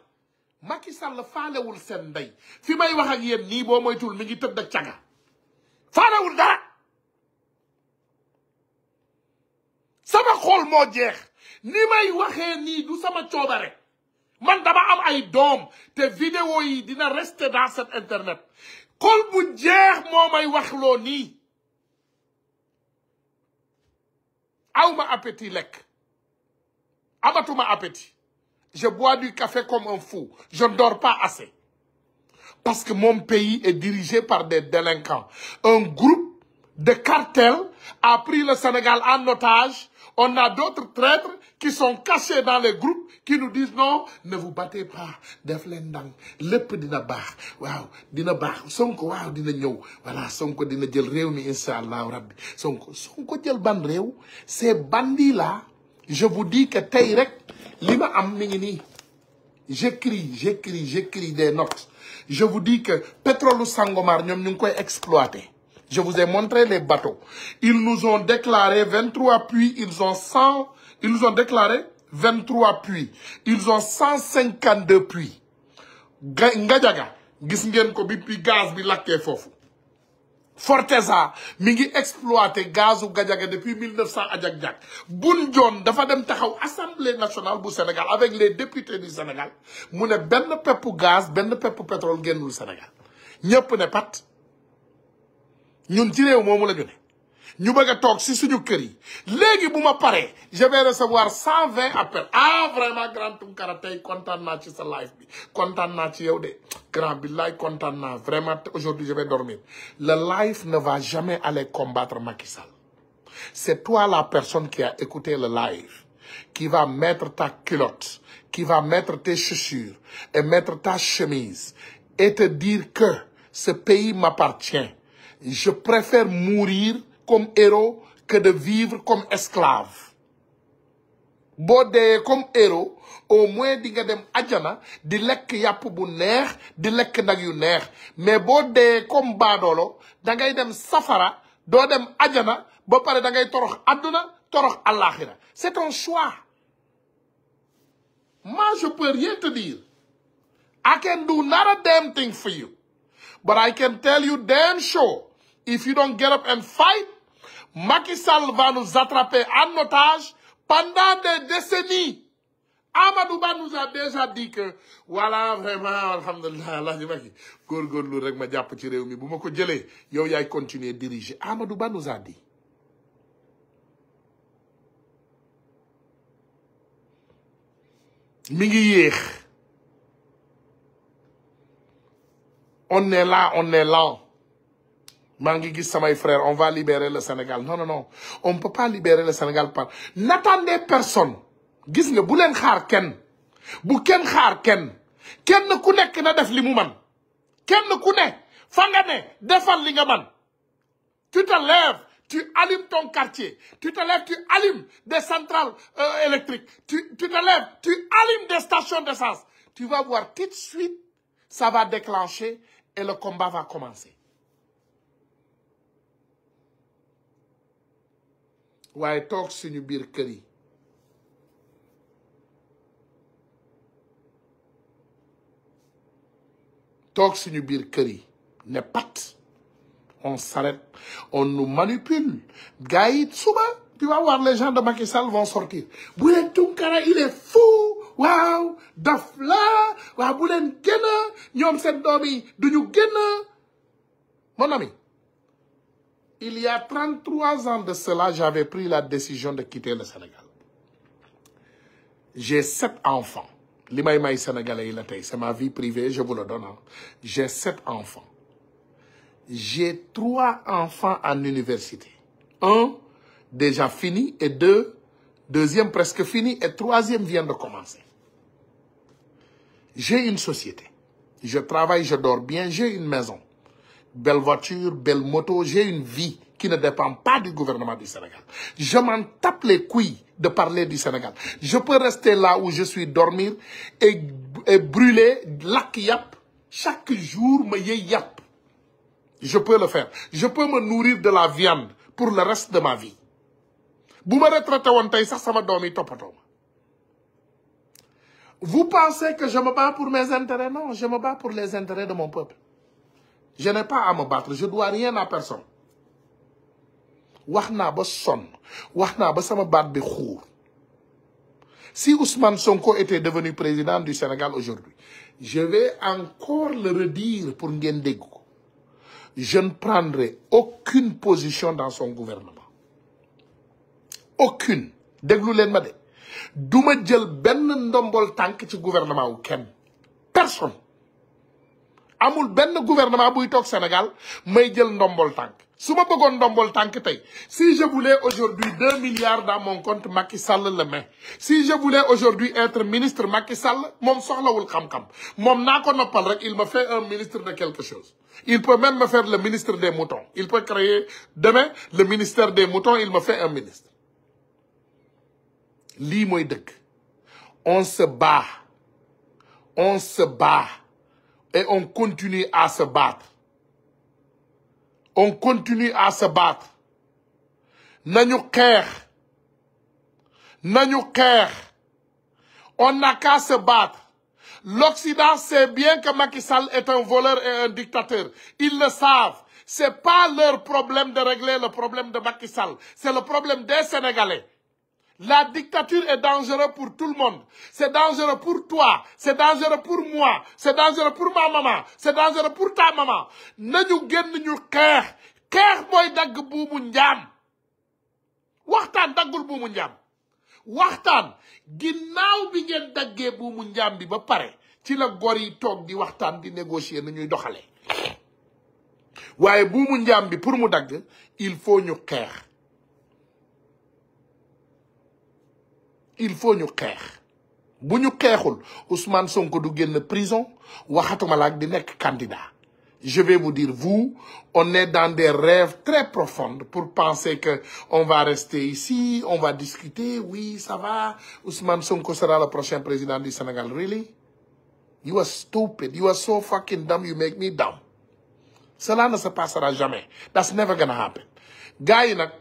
Speaker 1: Macky Sall faalewul seen nous fi may wax ak nous mi ngi tous, ak dara ni nous waxee man dama am ay dom te vidéo yi dina rester dans cet internet kol bu jeex momay wax lo pas awma appétit lek amatuma appétit je bois du café comme un fou je ne dors pas assez parce que mon pays est dirigé par des délinquants un groupe de cartels a pris le Sénégal en otage on a d'autres traîtres qui sont cachés dans les groupes, qui nous disent non, ne vous battez pas. Deflendang, leen ndànk dina baax wow, dina baax Sonko wow, dina voilà Sonko dina jël réew mi incha rabbi Sonko Sonko jël ban ces bandits là je vous dis que tey rek li am j'écris j'écris j'écris des notes je vous dis que pétrole Sangomar ñoom ñu koy je vous ai montré les bateaux ils nous ont déclaré 23 puits ils ont 100 ils ont déclaré 23 puits. Ils ont 152 puits. Ngadjaga, gis voyez, ko le gaz bi lakkee Forteza exploite ngi exploité gazu depuis 1900 à jak bun joon dafa dem taxaw assemblée nationale du Sénégal avec les députés du Sénégal mu ben peu pour gaz ben pour pétrole génnul Sénégal a ne pat ñun ci un moomu la le nous bëgg a si suñu kër yi je vais recevoir 120 appels ah vraiment grand ton karaté content naa ci sa live bi t'en naa ci yow grand billaay content vraiment aujourd'hui je vais dormir le live ne va jamais aller combattre Macky Sall c'est toi la personne qui a écouté le live qui va mettre ta culotte qui va mettre tes chaussures et mettre ta chemise et te dire que ce pays m'appartient je préfère mourir comme héros que de vivre comme esclave Bodé comme héros au moins di nga dem adjana, di lek yàpp bu neex di lek nak yu neex mais bodé comme badolo, da ngay dem safara do dem adjana, ba pare da ngay torox aduna, torox alakhira. c'est ton choix moi je peux rien te dire I can do not a damn thing for you but I can tell you damn sure if you don't get up and fight Macky Sall va nous attraper en otage pendant des décennies. Amadouba nous a déjà dit que voilà vraiment alhamdulilah gor je vais rek ma japp ci rew mi buma ko jëlee yow yaay continuer diriger Amadouba nous a dit. mi ngi on est là on est là mangi samay on va libérer le Sénégal non non non on ne peut pas libérer le Sénégal n'attendez personne gis nga bu leen xaar ken bu kenn xaar Ken ne ku na ne connaît fangane defal li tu te lèves tu allumes ton quartier tu te lèves tu allumes des centrales euh, électriques tu tu te lèves tu allumes des stations d'essence tu vas voir tout de suite ça va déclencher et le combat va commencer waye tok suñu biir kër yi suñu ne pat on s'arrête on nous manipule Gaït tu vas voir les gens de Macky Sall vont sortir bu Tunkara, il est fou Wow, daf la. waaw bu Nyom génn ñoom seen duñu mon ami il y a 33 ans de cela, j'avais pris la décision de quitter le Sénégal. J'ai sept enfants. c'est ma vie privée, je vous le donne. Hein. J'ai sept enfants. J'ai trois enfants en université. Un, déjà fini, et deux, deuxième presque fini, et troisième vient de commencer. J'ai une société. Je travaille, je dors bien, j'ai une maison belle voiture, belle moto, j'ai une vie qui ne dépend pas du gouvernement du Sénégal. Je m'en tape les couilles de parler du Sénégal. Je peux rester là où je suis, dormir et, brûler la yap chaque jour, me Je peux le faire. Je peux me nourrir de la viande pour le reste de ma vie. vous pensez que je me bats pour mes intérêts non je me bats pour les intérêts de mon peuple je n'ai pas à me battre je ne dois rien à personne ba ba sama si Ousmane Sonko était devenu président du Sénégal aujourd'hui je vais encore le redire pour Ngendego. je ne prendrai aucune position dans son gouvernement aucune déglu ma de ben ndombol gouvernement ken, personne amul Ben gouvernement tok Sénégal may jël ndombol si je voulais aujourd'hui 2 milliards dans mon compte Macky Sall le main. si je voulais aujourd'hui être ministre Macky Sall mon soxlawul il me fait un ministre de quelque chose il peut même me faire le ministre des moutons il peut créer demain le ministère des moutons il me fait un ministre Li, on se bat on se bat et on continue à se battre on continue à se battre on n'a qu'à se battre l'Occident sait bien que Macky Sall est un voleur et un dictateur ils le savent c'est pas leur problème de régler le problème de Macky Sall c'est le problème des Sénégalais la dictature est dangereuse pour tout le monde. C'est dangereux pour toi. C'est dangereux pour moi. C'est dangereux pour ma maman. C'est dangereux pour ta maman. nañu génn ñu xeex xeex Cœur dagg moi, njaam waxtaan daggul buumu njaam waxtaan ginnaaw bi moi daggee buumu njaam bi ba pare ci la góor yi di waxtaan di négocier nu ñuy bi pour mu il faut ñu il faut nous faire. bu ñu kexul Ousmane Sonko du guen prison waxatuma la di nek candidat je vais vous dire vous on est dans des rêves très profonds pour penser que on va rester ici on va discuter oui ça va Ousmane Sonko sera le prochain président du Sénégal really you are stupid you are so fucking dumb you make me dumb cela ne se passera jamais that's never gonna happen gay nak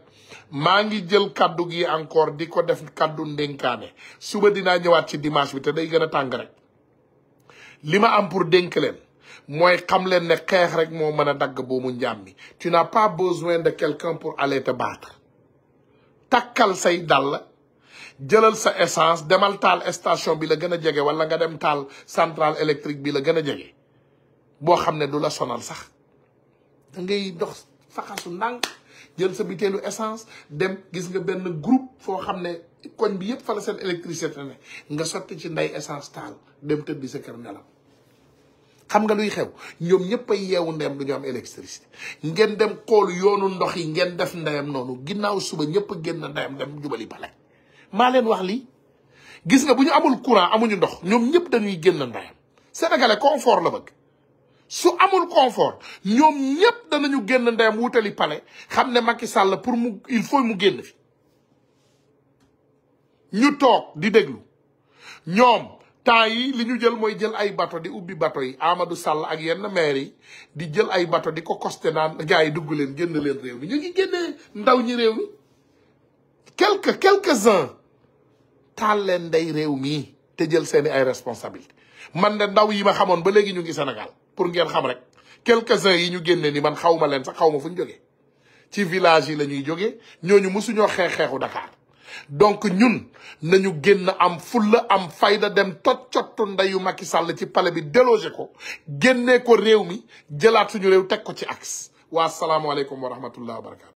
Speaker 1: maa ngi jël kàddu gi encore di ko def kàddu ndénkaane suba dinaa ñëwaat ci dimanche bi te day gën a tàng rek li ma am pour dénk leen mooy xam leen ne xeex rek moo mën a dagg boobu njaam mi tu n'as pas besoin de quelqu'un pour aller te battre takkal say dàll jëlal sa essence demal taal station bi la gën a jege wala nga dem taal centrale électrique bi la gën a jege boo xam ne du la sonal sax da ngay dox ndànk jël sa biteelu essence dem gis nga benn groupe foo xam ne koñ bi yëpp fa la seen électricité ne nga sotti ci ndey essence taal dem tëddi sa kër nelaw xam nga luy xew ñoom ñëpp ay yeewu ndeyam lu ñu am électricité ngeen dem xool yoonu ndox yi ngeen def ndeyam noonu ginnaaw suba ñëpp génn ndeyam dem jubali bale maa leen wax lii gis nga bu ñu amul courant amuñu ndox ñoom ñëpp dañuy génn ndeyam sénégalais confort la bëgg su amul confort ñoom ñépp danañu génn ndeyam wutali palais xam ne Macky sàll pour mu il faut mu génn fi ñu toog di déglu ñoom temps yi li ñu jël mooy jël ay bato di ubbi bato yi Amadou sàll ak yenn maire yi di jël ay bato di ko costé naan gars yi dugg leen génn leen réew mi ñu ngi génnee ndaw ñi réew mi quelque quelques uns taal leen ndey réew mi te jël seeni ay responsabilité man de ndaw yi ma xamoon ba léegi ñu ngi Sénégal pour ngeen xam rek quelques-uns yi ñu génne ni man xawma leen sax xawma ma fu ñu jógee ci village yi la ñuy ñoo ñu mësuñoo xeex xeexu Dakar donc ñun nañu génn am fulla am fayda dem tot cottu ndeyu Macky sàll ci pale bi délogé ko génnee ko réew mi jëlaat suñu réew teg ko ci axe waa salaamualeykum wa rahmatullah wa barakatu